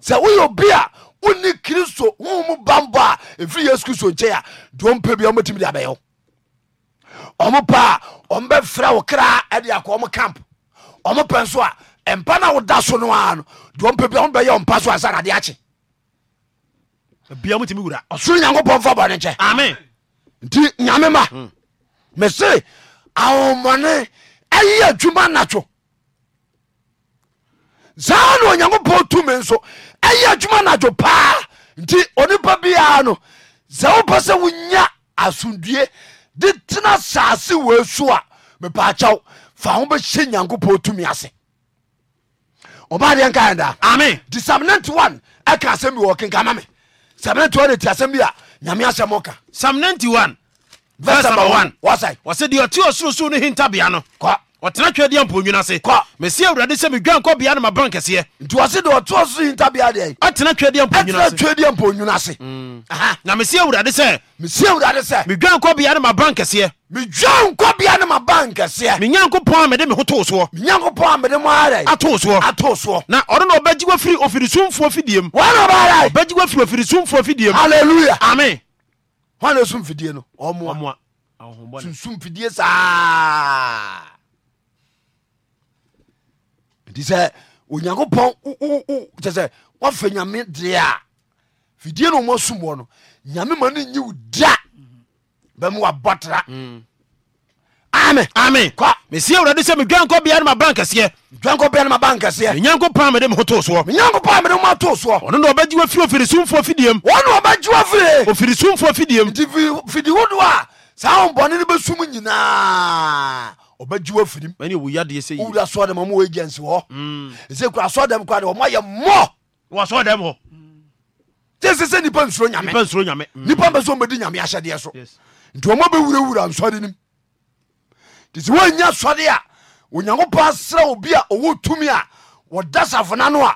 sɛ woyɛ obi a wonni kristo homu bambɔ a ɛfiri yesu kristo nkyɛ a deɛ ɔmpɛ bia ɔmatumi de abɛyɛwo ɔmo paa ɔmbɛfrɛ wo ɛde akɔ ɔmo camp ɔmo pɛ nso a mpa no da so no no deɛ bia pa so wura ɔsoro bɔne nti nyame ma hmm. ayɛ adwuma natwo saa na onyankopɔn tumi nso ɛyɛ adwuma nadwo paa nti onipa biara no sɛ wopɛ sɛ wonya asomdue de tena saase wɔa su a mepaakyɛw fa ho bɛhyɛ nyankopɔn tumi ase ɔbadeɛ nkaɛdaa ame nti sam 91 ɛka asɛm bi wɔ kenka ma me sam 91 ɛti asɛm bi a nyame asɛm ɔka sam 91 vs 1 wɔsɛ deɛ ɔte ɔsorosoro no hintabea no ɔtena twɛdeɛ mponwino ase mesi awurade sɛ medwa nkɔ bia no maba nkɛseɛ nti ɔse de ɔtoɔ so yinta bia deɛ ɔtena twɛdeɛ mponwinotwɛdeɛ mponwino ase mm. na mesi awurade sɛ mesi awurade sɛ medwa nkɔ bia no maba nkɛseɛ medwa nkɔ bia no maba nkɛseɛ menyankopɔn a mede me ho too soɔ menyankopɔn a mede mo ara atoo soɔ atoo soɔ na ɔno na ɔbɛgye wa firi ofirisumfoɔ fidiem wɔna ɔbaara ɔbɛgye wa firi ofirisumfoɔ fidiem halleluya amen hɔn na esum fidie no ɔmoa sunsum fidie saa nti sɛ onyankopɔn kyɛ sɛ woafa nyame deɛ a fidie no ɔma sumɔ no nyame ma no nyi wo da bɛma wabɔ tra ame ame kɔ mesie awurade sɛ medwankɔ bia no maba nkɛseɛ dwankɔ bia no maba nkɛseɛ menyankopɔn mede me ho too soɔ menyankopɔn mede mo atoo soɔ ɔno na ɔbɛgye wa firi ofirisumfoɔ fidiem ɔne ɔbɛgye wa firi ofirisumfoɔ fidiem nti fidi wodoɔ a saa wombɔne no bɛsum nyinaa ɔbɛgyiwa firim wowura asɔɔ dɛm ɔma wɔgya nsi hɔ ɛsɛ kura asɔɔ dɛm kora de ɔma yɛ mmɔ wɔ asɔɔ dɛm hɔ gye sɛ sɛ nipa nsuro nyame nipa mpɛ sɛ ɔmɛdi nyame ahyɛdeɛ so nti ɔma bɛwurawura nsɔre nim nti sɛ woanya sɔre a onyankopɔn asrɛ obi a ɔwɔ tumi a wɔda safona no a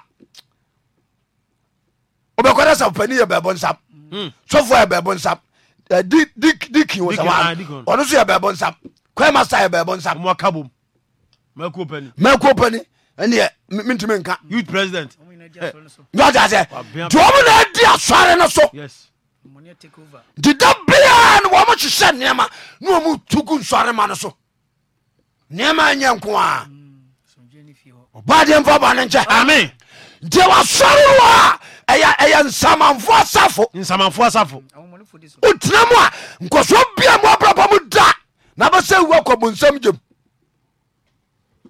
wobɛkɔda safo pani yɛ bɛɛbɔ nsam mm. sɔfoɔ yɛ bɛɛbɔ nsam diki ah, ɔno so yɛ bɛɛbɔ nsam kasasmpaninmmat omo eh, na adi asare no so nte da bia no womo syesyɛ nneɛma ne omu tuku nsware ma no so neɛma ya nko abadɛmfabn kɛ nti wa sare woa ɛyɛ nsmffo otinamua nkoso bia mo abrapa mu da na bɛsɛ wua kɔbo nsɛm gyam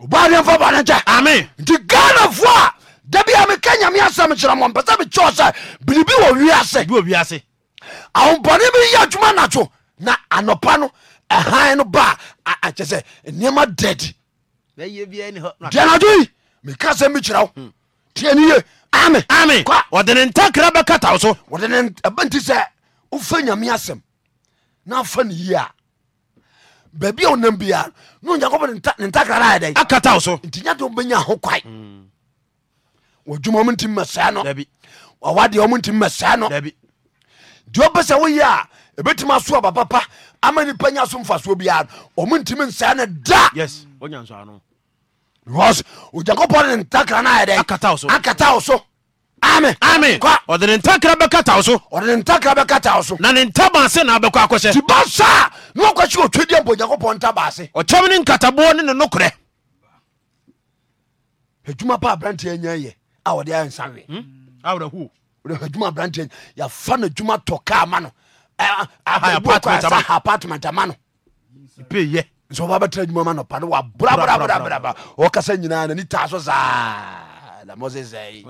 obadeɛmfa bane nkyɛ ame nti ghanafoɔ a da bia meka nyame asɛm kyerɛ mɔ mpɛ sɛ mekyɛw sɛ biribi wɔ wiase ahompɔne bi yɛ adwuma nato na anɔpa no ɛhan no ba akyɛ sɛ nneɛma dead deɛ nadwo yi meka sɛ mekyerɛ wo hmm. tiɛni ye ame ame ɔde ne ntakra bɛkata wo so ɔde ne nti sɛ wofa nyame asɛm na afa ne babi n baatyaokmtis tisn se wye bɛtimisobapapa amanipa yasofs bi omtim sno daoyakpkataso ame ame ɔde ne ntakra bɛkataw so ɔde ne ntakra bɛkataw so na ne ntabaase na abɛkɔ akɔhyɛ ti ba saa na wakɔhye ɔtwadi mpo onyankopɔn ntabaase ɔkyɛm ne nkataboɔ ne ne nokorɛ adwuma pa aberanteɛ nya yɛ a wɔde ayɛ nsa we hmm? awerɛho adwuma aberanteɛ yɛfa no adwuma tɔ kaa ma no apartment ama no pɛyɛ sɛ wɔba bɛtena adwuma ma no pa no wabrabrabrabrabra ɔkasa nyinaa nani taa so saa dada mosesɛi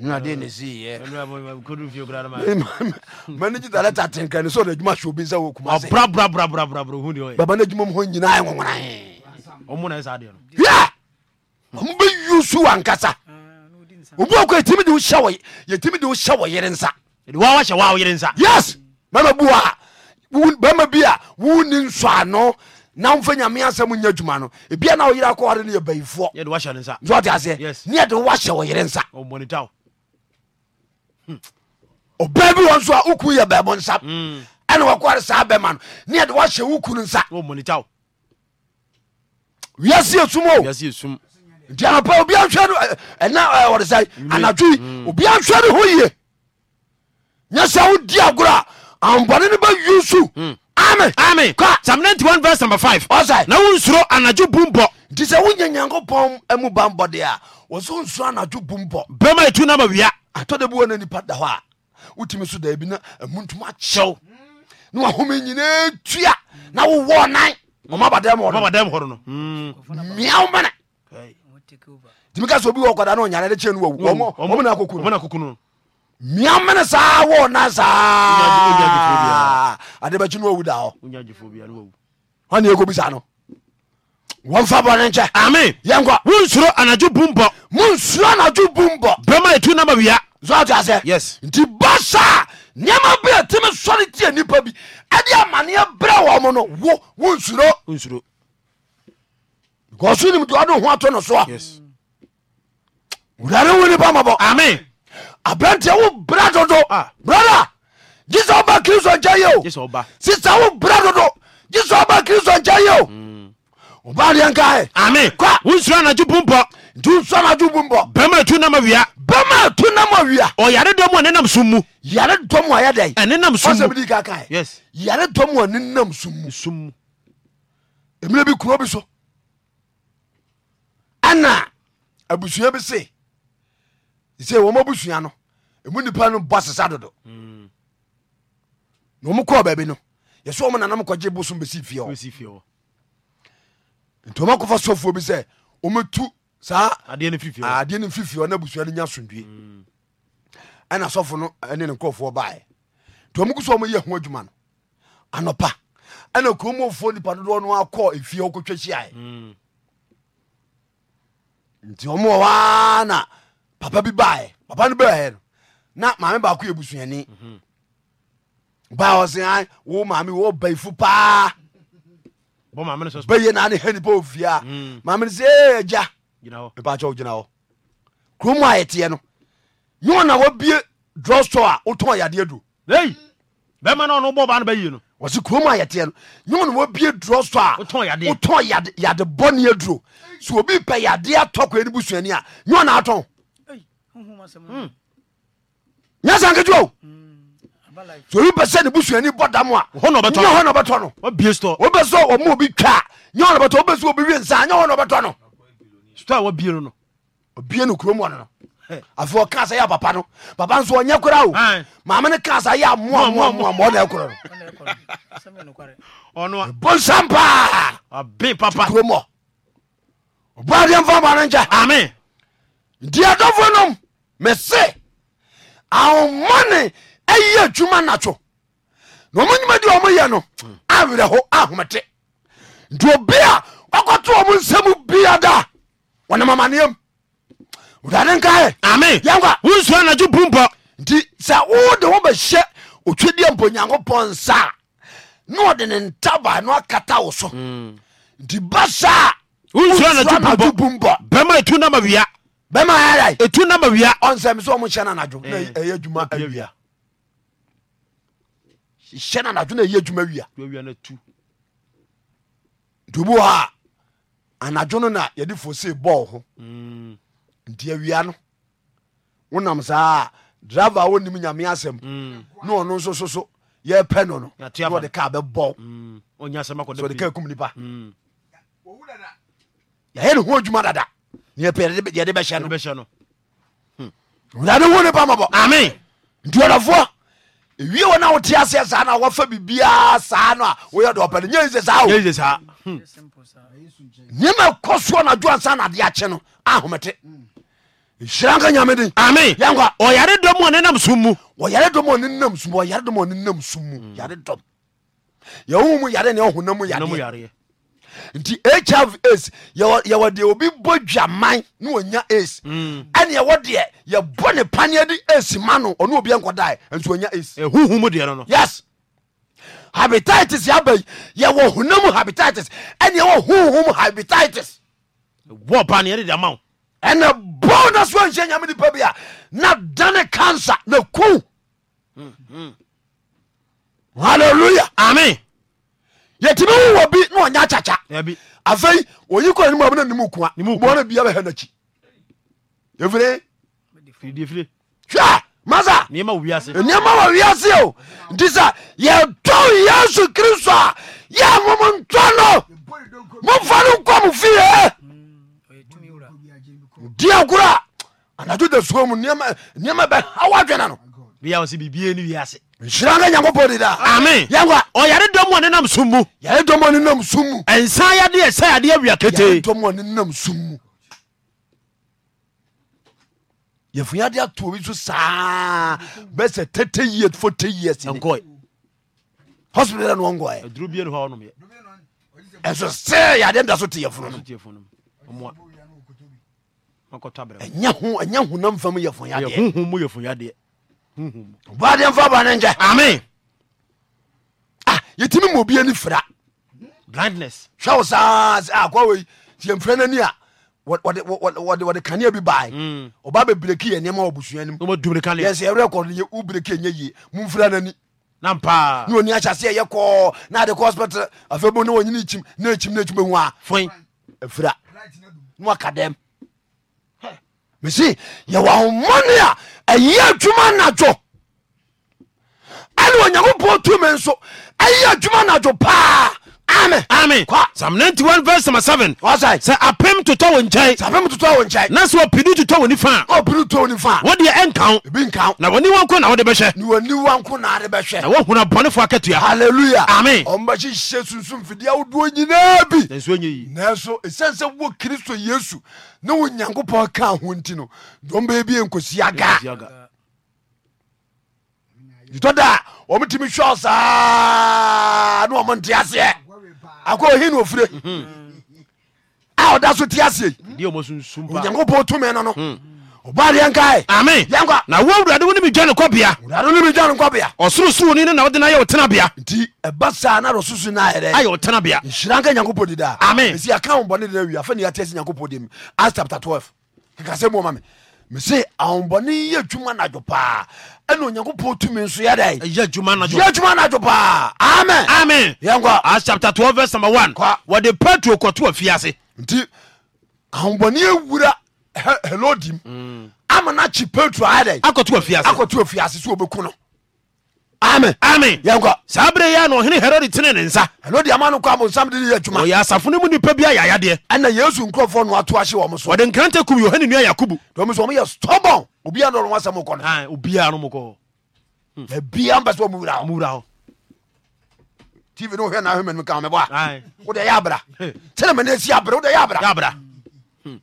ɛnoade ne siiɛ mane gye dada tatenkane sɛ ɔde adwuma hyɛ obi sɛ wɔkuma baba no adwuma mu hɔ nyinaa ɛwowonaɛ ɔmobɛyu su wankasa obi ɔkɔ yɛtumi de wohyɛ wɔ yɛtumi de wohyɛ wɔ yere nsa wawahyɛ wa wo yere nsa yes mama bua bɛma bi a wonni nsɔ ano na mfa nyame asɛm nya adwuma no ebia na woyere akɔware no yɛ bayifoɔ nti aseɛ ne yɛde wahyɛ wo yere nsa oh, hmm. ɔbaa bi wɔ nso a woku yɛ baabɔ nsam hmm. ɛne wɔkɔre saa bɛma no ne yɛde wahyɛ wo ku no nsa oh, wiase esum o nti anapa obia nhwɛ no ɛna wɔde sɛ anadwo hmm. obia nhwɛ no ho yie nyɛ sɛ wodi agorɔ a ambɔne no bɛwie so ame ame kɔ psalm anadwo bumbɔ nti sɛ wonya nyankopɔn amu bambɔ deɛ a wɔ sɛ wonsuro anadwo bumbɔ bɛma ɛtu no ma wia atɔda bi wɔ nipa da hɔ a wotumi so daabi na amuntum akyɛw na wahome nyinaa tua na wowɔ nan ɔmabadɛm hɔ mia hmm. wo mene timi sɛ obi wɔ kɔda na ɔnyane de kyɛ no wawu ɔmne miamene mene saa wo na saa adebakyi ne wawu da hɔ ɔne ɛkɔbi saa no wɔmfa bɔne nkyɛ ame yɛnkɔ monsuro anadwo bumbɔ monsuro anadwo bumbɔ bɛma ɛtu nama wia sɔte asɛ yes nti ba saa nneɛma bi a timi sɔre tia e nipa bi ɛde e amaneɛ brɛ wɔ mo no wo wonsuro nsuro because wonim deɛ ɔde ho ato no soa wurare wo nipa mabɔ amen aberanteɛ wo bra dodo brada gye sɛ woba kristo nkyɛ yi o sisa wo bra dodo gye sɛ woba kristo nkyɛ yi o ɔba hmm. deɛ nkae ame kɔ wonsuro anadwo bu mpɔ nti wonsuro anadwo bu mpɔ bɛma atu nam awia bɛma atu nam awia ɔyare dɔ mu a ne nam som mu yare dɔ mu a yɛ dɛn ɛne nam som mu ɔsɛbidi kakae yare dɔ mu a ne nam som mu som mu emirɛ bi kuro bi so ɛna abusua bi se sɛ wɔma busua no ɛmu nipa no bɔ sesa dodo na ɔmo kɔɔ baabi no yɛsɛ ɔmo nanam kɔgye bosom bɛsi fie hɔ nti ɔma kɔfa sɔfoɔ bi sɛ ɔmɛtu saa adeɛ no mfifie hɔ na busua no nya asomdwe ɛna sɔfo no ɛne ne nkɔfoɔ baɛ nti ɔmo kusɛ ɔmo yɛ ho adwuma no anɔpa ɛna kuromufoɔ nipa dodoɔ no akɔ efie hɔ kɔtwa hyiaɛ mm. nti ɔmo wɔ hɔ na papa bi baɛ papa no bɛɛ no na maame baako yɛ busuani ba ɔse wo maame wo baifo paa bɛyɛ na ne hanipa ofia maame no sɛ agya mepakyɛ wogyina hɔ kurom a yɛteɛ no nyɛ ɔna wabie drug store a wotɔn yadeɛ do bɛma na ɔno bɔba no bɛyie no wɔsi kurom a yɛteɛ no nyɛ ɔna wabie drug store a wotɔn yade bɔne aduro sɛ obi pɛ yadeɛ atɔ kɔ ɛne busuani a nyɛ ɔna atɔn Hmm. yasa nketewa hmm. So sori bɛ sɛ ne busuani bɔ damu a ɔhɔn na ɔbɛtɔ no ɔbie sɔ ɔbɛ sɔ ɔmu obi twa nyɛ ɔhɔn na ɔbɛtɔ ɔbɛ sɔ obi wi nsa nyɛ ɔhɔn na ɔbɛtɔ no sɔ a wɔbie no no ɔbie no kurom wɔn no afei ɔka sɛ yɛ papa no papa nso ɔnyɛ kora o maame ne ka sɛ yɛ amoamoamoamoa ɔna ɛkorɔ no bonsam paa ɔbe papa kurom ɔ ɔbɔadeɛ mfa ma no nkyɛ ame nti adɔfoɔ nom mese awoma ne ɛyɛ awuma nathwo nɔmanyumadi wmoyɛ no awerɛ ho ahote nti obia wakɔto wo mo nsɛm bia da onemamaneam odade nkao nti sɛ wode wobɛhyɛ otwadia mpo nyankopɔn nsaa na ɔdene ntaba no akata wo so mm. nti basaa bẹẹma ara yi. etu nama wia. ọnsẹmi sọ ọmọ sẹni anadu na eye juma awia sẹni anadu na eye juma wia. wia na tu. dubu ha anadu na yɛde fosi bɔɔl ho nti awia no wonam saa drava a wonim nyame asɛm na ɔno nso soso yɛpɛ no no na ɔde kaa bɛbɔw ɔde kaa kum nipa yɛyɛ ne hu adwuma dada. yɛde bɛhyɛ noade wo ne bamabɔ ame nti ɔdɔfoɔ ewie wɔ na wote aseɛ saa na wɔfa biribiaa saa no a woyɛ dɔɔpɛ no nyɛyise saa o saa hmm. nneɛma ɛkɔ soɔ na adwo ansa na akye no ahomete nhyira nka nyame den ame yɛnkwa ɔyare dɔm a nenam som mu ɔyare dɔm a nenam som ɔyare dɔm a nenam som mu yare dɔm yɛwo mu yare ne ɔhonam yareɛ nti hiv as yɛwɔ deɛ obi bɔ dwaman na wɔnya as mm. ɛne yɛwɔ deɛ yɛbɔ ne paneɛ de as ma no ɔne obi nkɔdae nti wɔnya as huhu mu deɛ yes habititis yɛaba yi yɛwɔ honam habititis ɛne yɛwɔ huhum habititis bɔ paneɛ de deɛ ma wo ɛna bɔw na so anhyɛ nyame nipa bi a na dane cancer na ku mm, mm. halleluya amen yɛtumi wowɔ bi na ɔnya kyakya afei oyi kɔ anim abona nim kua bɔna bia bɛhɛ nakyi ɛfire hwɛ masa nneɛma wɔ wiase o nti sɛ yɛtɔ yesu kristo a yɛ momo ntɔ no momfa no nkɔ mo fie dia kora anadwo da suo mu nneɛma bɛhawa dwena no Biase sɛ bibie ne wiase sraka nyankopɔ yfuaosɛnso ɛ ye so te obadeɛmfa bɔne nkyɛ ame ah, yɛtimi ma obia ni fira blindness hwɛ wo saa akwa ah, wei yɛmfira no ani a wɔde kanea bi bae mm. ɔba bɛbreki yɛ nneɛma wɔbusua nimyɛsɛ ɛwerɛ kɔ wo breki ɛnyɛ yie momfira no ani nampa ne oni ahyɛseɛ yɛ kɔɔ na ade kɔ hospital afei bo ne wɔnyine kyim na kyim na kyim ɛhu a fɔi afira ne waka dɛm misii yɛwɔ ahoma ne a ɛyɛ adwuma nnadwo ane wɔ nyankopɔn tu me nso ayɛ adwuma nnadwo paa sɛ apem totɔ wo nkyɛe na sɛ wɔpidi totɔ wo nifa wodeɛ ɛnkawo na wɔni wanko na wode bɛhyɛ na woahunu abɔnefoɔ akatua halleluya amen ɔmbɛhyehyɛ sunsum fidie ahodoɔ nyinaa bi nanso ɛsiane sɛ wo kristo yesu ne wo nyankopɔn ka ho nti no dɔmbɛɛbie nkɔsi agaa ntɔ da a wɔmtumi hwɛ saa ne ɔmo nte aseɛ akɔ ohi na ofire a ɔda so te aseɛ onyankopɔn tumi no no ɔbadeɛ hmm. nkae ame na wo awurade wo ne medwa ne kɔbea wurade ne medwa ne kɔbea ɔsorosoro ni no na wode no ayɛ wo tenabea nti ɛba saa na rɔsusu no ayɛ dɛ ayɛ wo tenabea nhyira nka nyankopɔn di daa ame ɛsi aka wo bɔne de no awi afa ne yɛate asi nyankopɔn dem as chapter twelve. kaka sɛ mu ɔma me mese ahombɔne yɛ adwuma nadwo paa ɛna onyankopɔn tumi nso yɛdɛ yɛ adwuma nadwo paa amen amen yɛnkɔ as chapter twelve verse number one wɔde petro kɔto afiase nti ahombɔne awura helodi m mm. ama no akye petro ayɛdɛ akɔto afiase akɔto afiase sɛ wɔbɛku no ame yɛnkɔ saa berɛ yɛ na ɔhene herode tene ne nsa herode ama no kɔ abonsam de yɛ adwuma ɔyɛ asafo no mu nipa bi ayɛ ayadeɛ ɛna yesu nkurɔfoɔ no ato ahye wɔ m so ɔde nkranta kum yohane nua yakobo dɔm so ɔmoyɛ stɔbɔn obia no ɔnowasɛ mo kɔ no obia no mo kɔ abia hmm. mpɛ sɛ ɔmowura hɔ tv ne wohwɛ nahwemɛnom ka mɛbɔ a yabra. yɛ abra kyɛne mene si abra wode yɛ abra hmm.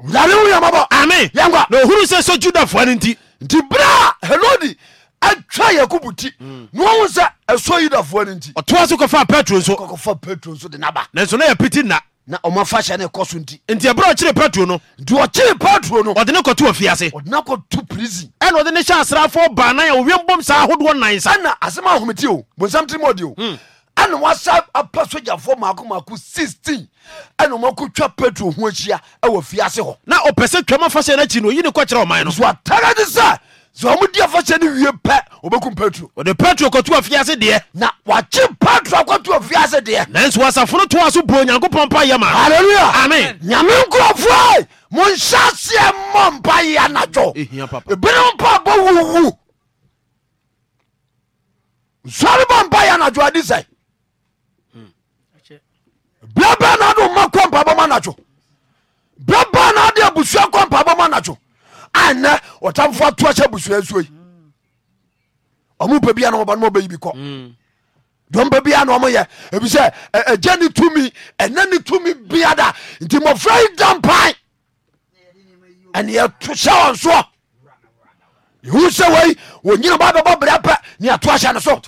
wurare woyamabɔ ame yɛnkɔ na ohunu sɛ sɛ judafoɔ no nti nti berɛ a herode atwa yakobo ti mm. na wɔhu sɛ ɛsɔ yudafoɔ no nti ɔtoa so kɔfa petro nso kɔkɔfa petro so. de naba nanso na yɛpiti nna na ɔmafa hyɛ no ɛkɔ so nti nti ɛberɛ a ɔkyere petro no nti ɔkyere petro no ɔde ne kɔto afiase ɔde ne kɔto prison ɛna ɔde ne hyɛ asraafoɔ baanan a ɔwie mbom saa ahodoɔ nan sa ɛna asɛm ahomete o bonsam tiri mɔde o hmm. ɛna wasa apa sogyafoɔ maako maako 16 ɛna ɔmako twa petro ho ahyia ɛwɔ afiase hɔ na ɔpɛ sɛ twam afahyɛ no akyi no ɔyi ne kɔkyerɛ ɔman no so atara de sɛ sọmudi afahyɛ ni wie pɛ obɛkum petro. ɔde petro kɔtu afiase deɛ. na wakye petro akɔtu fiase deɛ. nanso wasafo no to aso buro nyankopɔn mpa yɛ ma. hallelujah amen. nyame nkurɔfoɔ mo nhyɛ aseɛ mmɔ mpa yɛ anadwo. ehia papa. ebinom mpa bɔ wuwu. nsɔre bɔ mpa yɛ anadwo adi sɛ. bia na adi o ma kɔ bɔ ma anadwo. bia na adi abusua kɔ bɔ ma anadwo anɛ ɔtamfoɔ atoahyɛ abusua suoi ɔmo pɛ bia na wɔba no mɔbɛyi bi kɔ dɔmpa mm. bia na ɔmoyɛ ebisɛ agya ne tumi ɛna ne tumi bia da nti mmɔfra yi da mpan ɛne yɛto hyɛ wɔn soɔ ihu sɛ wei wɔnyina ba bɛbɔ brɛ pɛ ne yɛto ahyɛ no so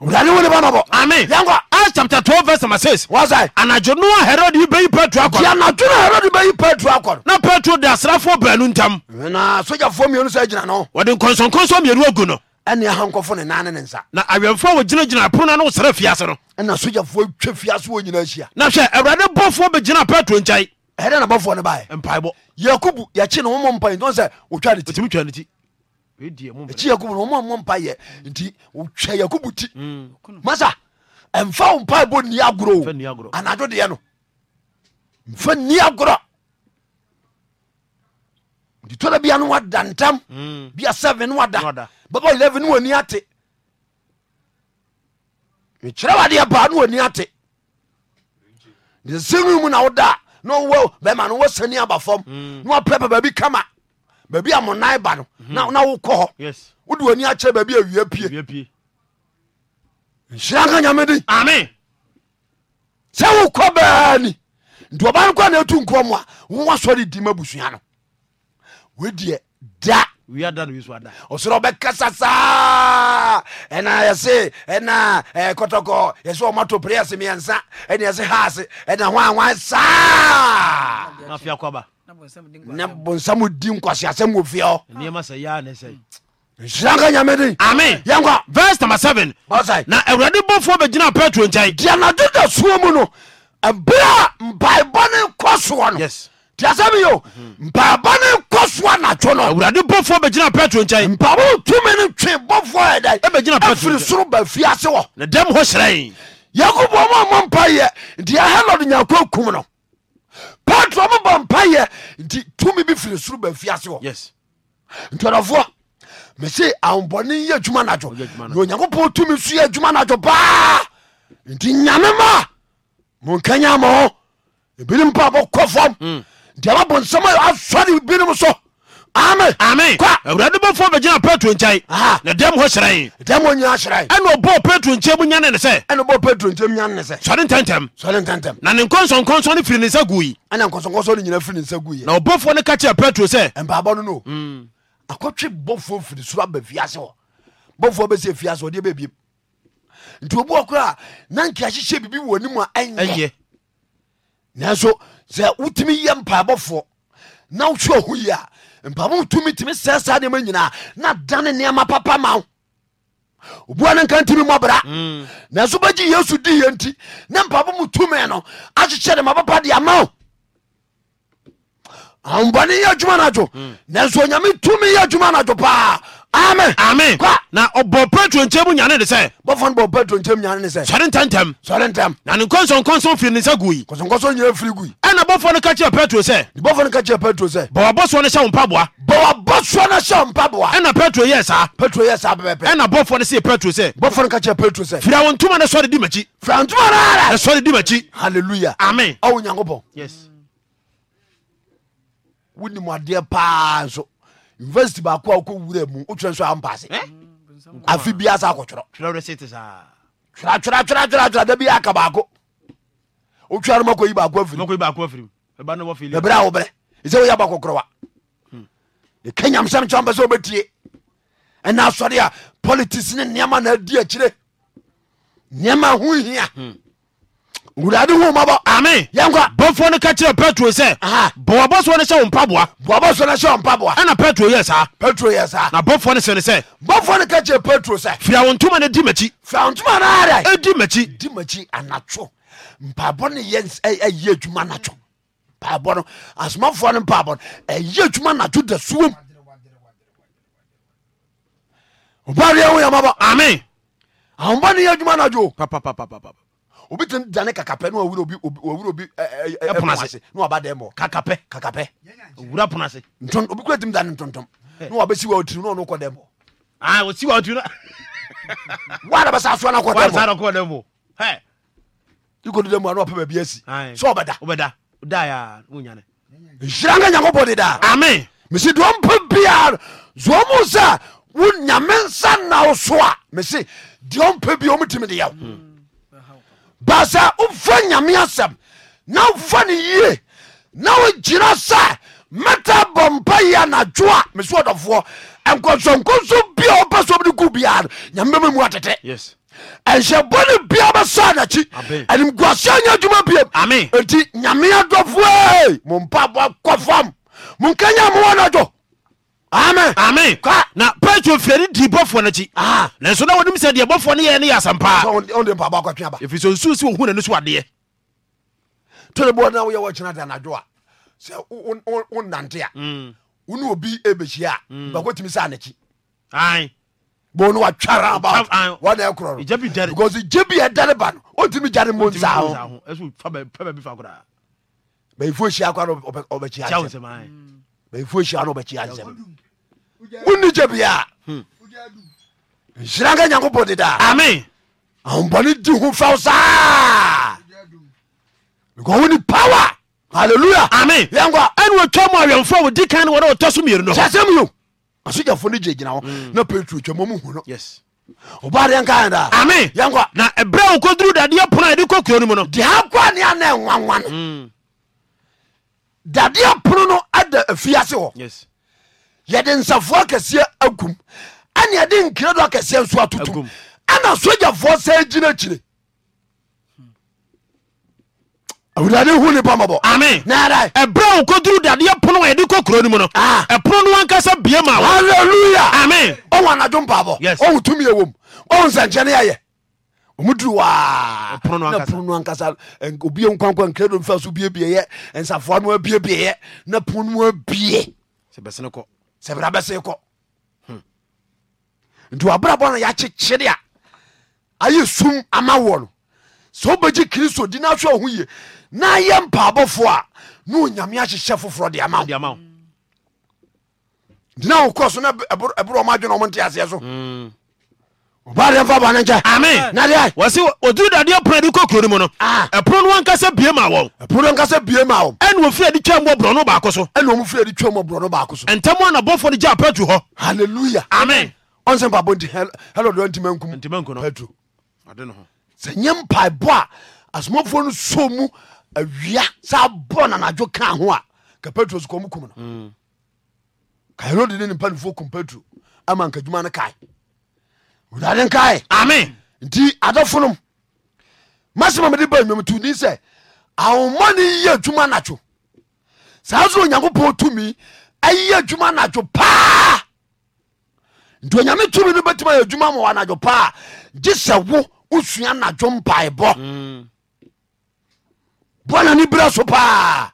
wurade wo ne ba mabɔ ami yankwa acts chapter twelve verse number six wasa anadio noa herod yi bɛyi petro akɔ yanadio noa herod bɛyi petro akɔ na petro de asrafo baanu ntam na sojafoɔ mmienu sɛ gyina no wɔde nkɔnsɔnkɔnsɔ mmienu agu no ɛne ahankɔfo ne nane ne nsa na awɛmfoɔ a wɔgyinagyina apono no wosrɛ fiase no ɛna sojafoɔ twa fiase wɔ nyina ahyia na hwɛ awurade bɔfoɔ bɛgyina petro nkyɛe ɛdɛ na bɔfoɔ no baɛ mpaebɔ yakobu yɛkye ne homɔ mpa ntɔ sɛ wɔtwa ne ti ɛkyi yakob no ɔmo mmɔ mpa yɛ nti wotwa yakob ti mm. masa ɛmfa wo mpa bɔ nni agorɔ o anadwo deɛ no mfa nni agorɔ nti tɔda bia no wada ntam mm. bia seven wada baba eleven no wani ate mekyerɛ wadeɛ baa no wani ate nti sɛ mu na woda na ɔwɔ bɛma no wɔ sani aba fam mm. na wapɛpɛ baabi kama baabi mm-hmm. amonai ba no na wokɔ hɔ wodewaani akyerɛ babi awia pie nhyira ka nyamede ame sɛ wokɔ baa ni nti ɔba no kwa na atu nkorɔ mu a wowa sɔre di ma abusua no wodi da ɔsero ɔbɛka sasaa ɛnayɛseɛna eh, ktk yɛse ɔma toprɛɛsemiɛnsan ɛne yɛse hase ɛdna ho awa saa ne bonsamo di nkɔse asɛm fiaka aɛnauda suamu nobr mpabane kɔ s osɛm mpbane kɔ soa naonompaɔm no e bɔffir soro bafi se yakpa aa paɛ aheod yanko patro mobɔ mpayɛ nti tumi bi firi soro baafiase hɔ ntɔdɔfoɔ mese ahombɔne yɛ adwuma nadwo na onyankopɔn tumi so yɛ adwuma nadwo paa nti nyame ma monkanya ma ho ebinom pa bɔkɔ fam mm. nti amabɔ nsɛm asɔre binom so amen amen kwa awurade bɔfo bɛgyina petro nkyɛn na dɛm hɔ hyerɛn dɛm hɔ nyinaa hyerɛn ɛna ɔbɔɔ petro nkyɛn mu nyane ne sɛ ɛna ɔbɔɔ petro nkyɛn mu nyane ne sɛ sɔre ntɛntɛm sɔre ntɛntɛm na ne nkɔnsɔnkɔnsɔn ne firi ne nsa gui ɛna nkɔnsɔnkɔnsɔn ne nyina firi ne nsa gui na ɔbɔfoɔ ne ka kyerɛ petro sɛ mpaabɔ no no hmm. akɔtwe bɔfoɔ firi soro aba fiase hɔ bɔfoɔ bɛsi fiase ɔdeɛ bɛbiem nti obi ɔkora a na nka hyehyɛ biribi wɔ ne mu a ɛnyɛ nanso sɛ wotumi yɛ mpaabɔfoɔ na wohwɛ ho yi a mpamo tumi tumi sɛ saa nneɛma nyinaa na dane nneɛma papa ma wo obua no nka ntimi mm. na nanso bɛgye yesu dii yɛ nti ne mpabo mu tumi no akyekyɛ de ma papa de ama wo ahombɔne yɛ adwuma no adwo nanso onyame tumi yɛ adwuma no adwo paa amen amen kwa na ɔbɔ petro nkyɛn mu nyane de sɛ bɔfɔ no bɔ petro nkyɛn mu nyane de sɛ sɔre ntɛntɛm sɔre ntɛm na ne nkɔnsɔnkɔnsɔn firi ne nsa gu yi nkɔnsɔnkɔnsɔn nyɛ firi gu yi ɛna bɔfɔ no ka kyerɛ petro sɛ bɔfɔ no ka kyerɛ petro sɛ bɔwɔ bɔsɔ no hyɛ wo mpaboa bɔwɔ bɔsɔ no hyɛ wo mpaboa ɛna petro yɛ saa petro yɛ saa bɛbɛpɛ ɛna bɔfɔ no sɛ petro sɛ bɔfɔ no ka kyerɛ petro sɛ fira wo ntoma no sɔre di makyi fira ntoma no ara ɛsɔre di makyi halleluya amen awo nyankopɔn yes wonim adeɛ paa nso university baako a wokɔ wura mu wotwerɛ nso ampase eh? afe bia sa akɔtworɔ twerɛtwerɛtwerɛtwerɛ da bia aka baako wotwa no makɔyi baako afiri ɛberɛ a wobrɛ ɛsɛ woyɛ ba kɔkorɔwa hmm. ɛka nyamsɛm kyɛ mpɛ sɛ wobɛtie ɛna asɔre a politics ne nneɛma na adi akyire nneɛma ho hia hmm wurade hu mabɔ ame yɛnkwa bɔfoɔ no ka kyerɛ petro sɛ bɔwabɔ soɔ no hyɛ wo mpaboa bɔwabɔ soɔ no hyɛ wo mpaboa ɛna petro yɛ saa petro yɛ saa na bɔfoɔ no sɛ no sɛ bɔfoɔ no ka kyerɛ petro sɛ fira wo ntoma no di m'akyi fira wo ntoma no ara ɛdi m'akyi di m'akyi anatwo mpabɔ no yɛ ayɛ adwuma natwo mpabɔ no asomafoɔ no mpabɔ no ɛyɛ adwuma natwo da suwom obareɛ wo yɛ mabɔ ame ahombɔ no yɛ adwuma nadwo papapapapapa obi tẹni dani kakapɛ ní owurọ bi owurọ bi ɛ eh, ɛ eh, ɛpunase eh, ní wàá bá dẹ kakapɛ kakapɛ owurọ punase. ntɔn obi kura tẹmi dani ntɔntɔn ní wàá bɛ siwa otiri ní wọn kɔ dẹ mọ. aa ah, o siwa otiri náà. wàá dàbɛ sá fúnà kɔ dẹ mọ. wàá dàbɛ sá kɔ dẹ mọ. hɛ. ikọ̀ dídẹ́ mu àná ọ̀pẹ̀ bẹ̀ bí ẹ̀sì. sọ ọbẹ̀ da. ọbẹ̀ da da yà ó nyà dẹ. nsira nga nyanko bɔ de da. ami. misi dɔn pɛ biya zɔn sa wo nyame na o so a misi dɔn pɛ bi o mu timi de yaw. Hmm. basa ofa nyamea sem na ofane ye na ojira sa mete bompa ye anajoa mesuo dofoo ankosonkoso biape sobine gu bia nyame bememu atete ense bone bia besa naci aniguas nye ajuma biam enti nyamea adofoe mopaba kofam mokeya mowanaju amen amen ka na petro fiari di bɔfoɔ no akyi ah. nanso na wɔnim sɛ deɛ bɔfoɔ no yɛ ne yɛ asɛmpaa ɛfiri sɛ nsuo sɛ ɔhu nano so adeɛ tɔrebɔ na woyɛ wɔkyena da anadwo a sɛ wonante a mm. wone obi ɛbɛhyia a mm. bako tumi sɛ anakyi bọ́n wa twara about wọn ẹ kúrọ rẹ because jebi ẹdari ba no o ti mi jari mo nsa ho bẹẹ ifo si akwa ọbẹ kyi ase. nieba srakeyako pdd an dh fesawn pe ntaakyrr k nnwawa dadeɛ pono no ada afiase hɔ yɛde nsafoɔ akɛseɛ agum ɛne ɛde nkira do akɛseɛ nso atotom ɛna sogyafoɔ sɛ gyina kyire awurade hu ne bɔmɔbɔ. ami naara ye. ɛbɛrɛ o ko duuru dadeɛ pono wa yɛde kɔ kuro ni mu no. aa ah. ɛpono ni wọn kasa bie ma wa. hallelujah ami. ɔwɔ anadio mpaabɔ. yes ɔwɔ tumi ewom ɔwɔ nsɛnkyɛnni ayɛ ɔmuduru waapon no ankasa obi nkwankwa nkrado mfa so biebieyɛ nsafoa no abiebieyɛ na pon no abie sɛ bra bɛsee kɔ hmm. nti wabrabɔ no yɛakyekyere a ayɛ sum ama wɔ no sɛ wobɛgye kristo di na ahwɛ ho ye na yɛ mpaabɔfoɔ a na onyame ahyehyɛ foforɔ de ama wo na wokɔ so na ɛborɔ ɔma adwene ɔmo nteaseɛ so hmm. bdfa bɔne nkyɛ ame wɔse ɔduru dadeɛ pona de kɔ kuro no mu no ah. ɛpono no wankasa bie ma wɔn ɛpono nkasa bie ma wɔn ɛne ɔfiri ade twa mmɔ borɔno baako so ɛne ɔmfiri ade twa mmɔ borɔno baako so ɛntɛm anabɔfoɔ no gyaa petro hɔ halleluya amen ɔnsɛ mpabɔ nti ntima nkum petro sɛ nyɛ mpaebɔ a asomafoɔ no so mu awia sɛ abɔ nanadwo ka ho a ka petro so kɔm kum no mm. ka helode ne ne mpanifoɔ kum petro ama nkadwuma no kae wurade nkae ame nti adɔfonom masɛma mede ba nwom to ni sɛ awomɔne yɛ adwuma anadwo saa so onyankopɔn tumi ɛyɛ adwuma anadwo paa nti onyame tumi no bɛtumi ayɛ adwuma ma anadwo paa gye sɛ wo wosua anadwo mpaebɔ bɔna ne bira so paa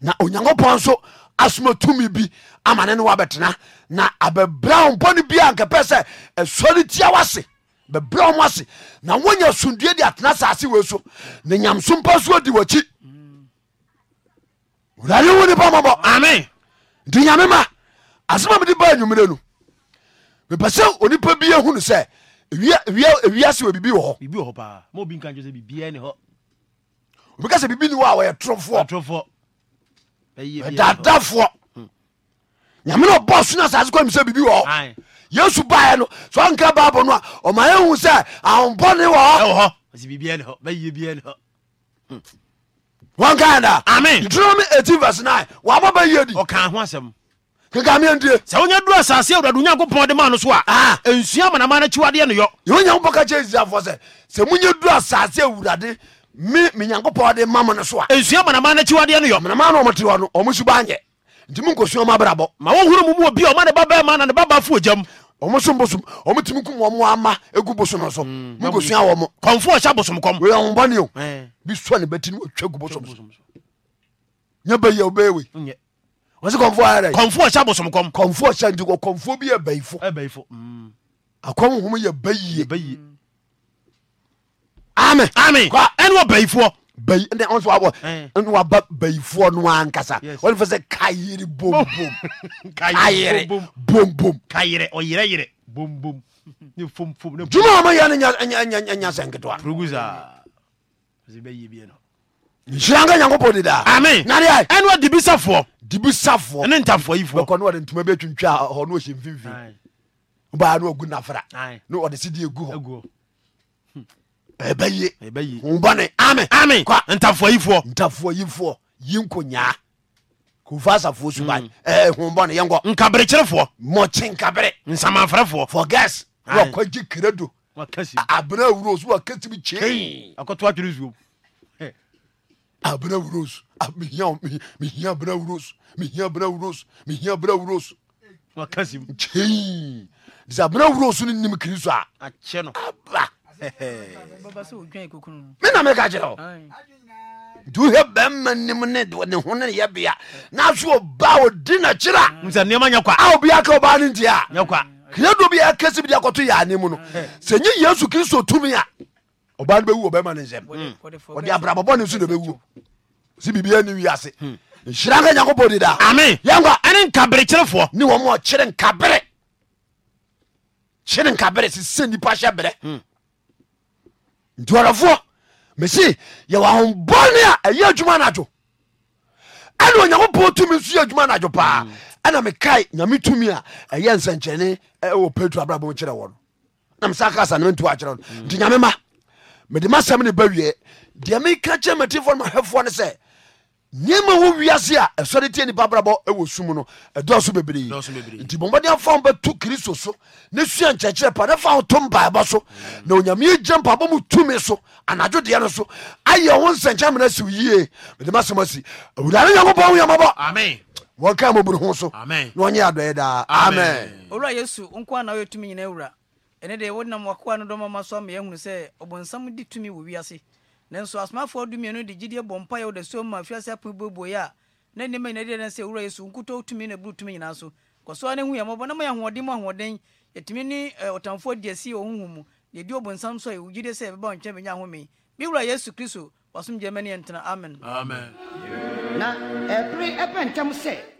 na onyankopɔn nso asoma tumi bi amane no wabɛtena na abɛbra wo bɔne bia nkɛpɛ sɛ ɛsɔre tia wase bɛbra wo ase na wonya somdue de atena asase wei so na nyamso mpa so adi wakyi wurade wo nipa mɔbɔ amen nti nyame ma asɛm a mede ba anwummerɛ no mepɛ sɛ onipa bia hunu sɛ wiase wɔ biribi wɔ hɔ obika sɛ biribi ni wɔ a wɔyɛ torofoɔ ɛdadafoɔ nyamene ɔbɔ so no asase kwami sɛ biribi wɔ hɔ yesu baɛ no so anka bible no a ɔma yɛhu sɛ ahombɔne wɔ hɔ wankaɛda hmm. deuteronomy 18 vs 9 wɔabɔ bɛyɛ di ɔka ho asɛm kekameantie sɛ wonya duru asase awurade onyankopɔn de ma no so a ah. nsua amanama no akyiwadeɛ no yɔ yɛwɔ nyankopɔn ka Mi asiafoɔ sɛ sɛ monya duru asase awurade me menyankopɔn de ma mo no so a nsua amanama no akyiwadeɛ no yɔ manama no ɔmote hɔ no ɔmo su banyɛ ntimi nkosua ɔma abrabɔ ma wohuro mu mu obi a ɔma ne babɛma na ne baba fo gyam ɔmo so bosom ɔmo timi kum wɔn ama egu bosom so mm, nkosua wɔ mo kɔnfo ɔhyɛ bosom kɔm wei ɔmo bɔne o bi sua ne bɛti ne otwa gu bosom so nyɛ bɛyɛ ɔbɛyɛ wei wọ́n sẹ́ kọ́nfọ́ ayẹrẹ. kọ́nfọ́ ọ̀ṣà bọ̀sọ̀mù kọ́m. kọ́nfọ́ ọ̀ṣà nti kọ́ kọ́nfọ́ bi yẹ bẹ́yìfọ́. ẹ bẹ́yìfọ́. akọ́nhùn yẹ bẹ́yìí. bẹ́yìí. ami. ami. ẹni wọ bẹ́yìfọ́ bayi ɛnna wọn sọ wabɔ ɛnna waba eh. bayifoɔ no ankasa wọn fɛ sɛ kayiri bom oh. bom kayiri bom bom kayiri ɔyerɛ oh, yɛrɛ bom bom ne fom fom ne. juma ma yɛ ne nya nya nya nya sɛn ketewa. purugusa parce que bɛ yie bi yen nɔ. nsira nka nyankopɔn de daa. ami nari ayi. ɛnna dibisafoɔ. dibisafoɔ ɛnna ntafoɔ yi fɔ. bɛkɔ n'o de ntoma bɛ tuntun a ɔ n'o si nfinfin. baa n'o gun nafara n'o de si di egu hɔ ɛbɛyebɔne am kwa ntafoa yifoɔ ntafoa yifoɔ yinko nyaa kofa asafoɔ suba mm. hobɔne yɛnkɔ nkaberekyerefoɔ mɔkye nkabere nsamafrɛfoɔ for gas wakɔ gye kredo abena awuro so wakasibi kyee akɔtoa twere zuo abena awuro so mehia abena awuro so mehia abena awuro so mehia abena awuro so wakasim kyee sɛ abena awuro so no nim kristo a akyɛ no aba mena meka kyerɛ o nti bɛma nim ne ne ho ne yɛ bea naso ɔba na kyerɛ sɛ nyɛ kwa a ka ɔba no bi de akɔto yɛ no sɛ nye yesu kristo tumi a ɔba no bɛwu ɔbɛma no nsɛm ɔde abrabɔbɔ ne nso na sɛ biribia ne wiase nhyira nka nyankopɔn di ame yɛnkwa ɛne ne ɔkyere nkabere kyere nkabere sesɛ nnipa hyɛ berɛ ntiɔrɔfoɔ mese yɛwɔ ahombɔne a ɛyɛ adwuma noadwo ɛne onyankopɔn tumi nso yɛ adwuma noadwo paa hmm. ɛna mekae nyame tumi a ɛyɛ nsɛnkyɛne ɛwɔ petro abrabɔ kyerɛ wɔ no na mesa ka sa nemantu akyerɛ no hmm. nti nyame ma mede masɛm ne ba wie deɛ meka kyerɛ matifoɔ no mahwɛfoɔ no sɛ nneɛma wo wiase a ɛsɔre tie nipa brabɔ ɛwɔ sum no ɛdɔɔso bebree nti bɔmmɔden fa wo bɛto kristo so ne sua nkyerɛkyerɛ pa ne fa wo to mpaebɔ so na onyame gye mpabɔ mu tumi so anadwo deɛ no so ayɛ ho nsɛnkyɛ mena siw yie mede masɛm asi awurade nyankopɔn woyamabɔ wɔka mɔburu ho so na ɔnyɛ adɔeɛ daa amen owura yesu nko ana woyɛ tumi nyina awura ɛne deɛ wonam wakoa no dɔmama so ama yɛahunu sɛ ɔbɔnsam de tumi wɔ wiase nanso asomafoɔ dumienu de gyidie bɔ mpa yɛ wo da so mu afiase apem boeboe a na nneɛma nyina deɛ sɛ wura yesu nkutɔ tumi na buru tumi nyinaa so kɔsoa ne hu yɛ mmɔbɔ na ma yɛ ahoɔden mu ahoɔden yɛtumi ne eh, ɔtamfoɔ di asi wɔ honhom mu deɛ di ɔbonsam so a yɛwo gyidie sɛ ɛbɛba wo nkyɛn bɛnya ahome me wura yesu kristo wasomgyama ne yɛntena amen na ɛbere ɛbɛ ntɛm sɛ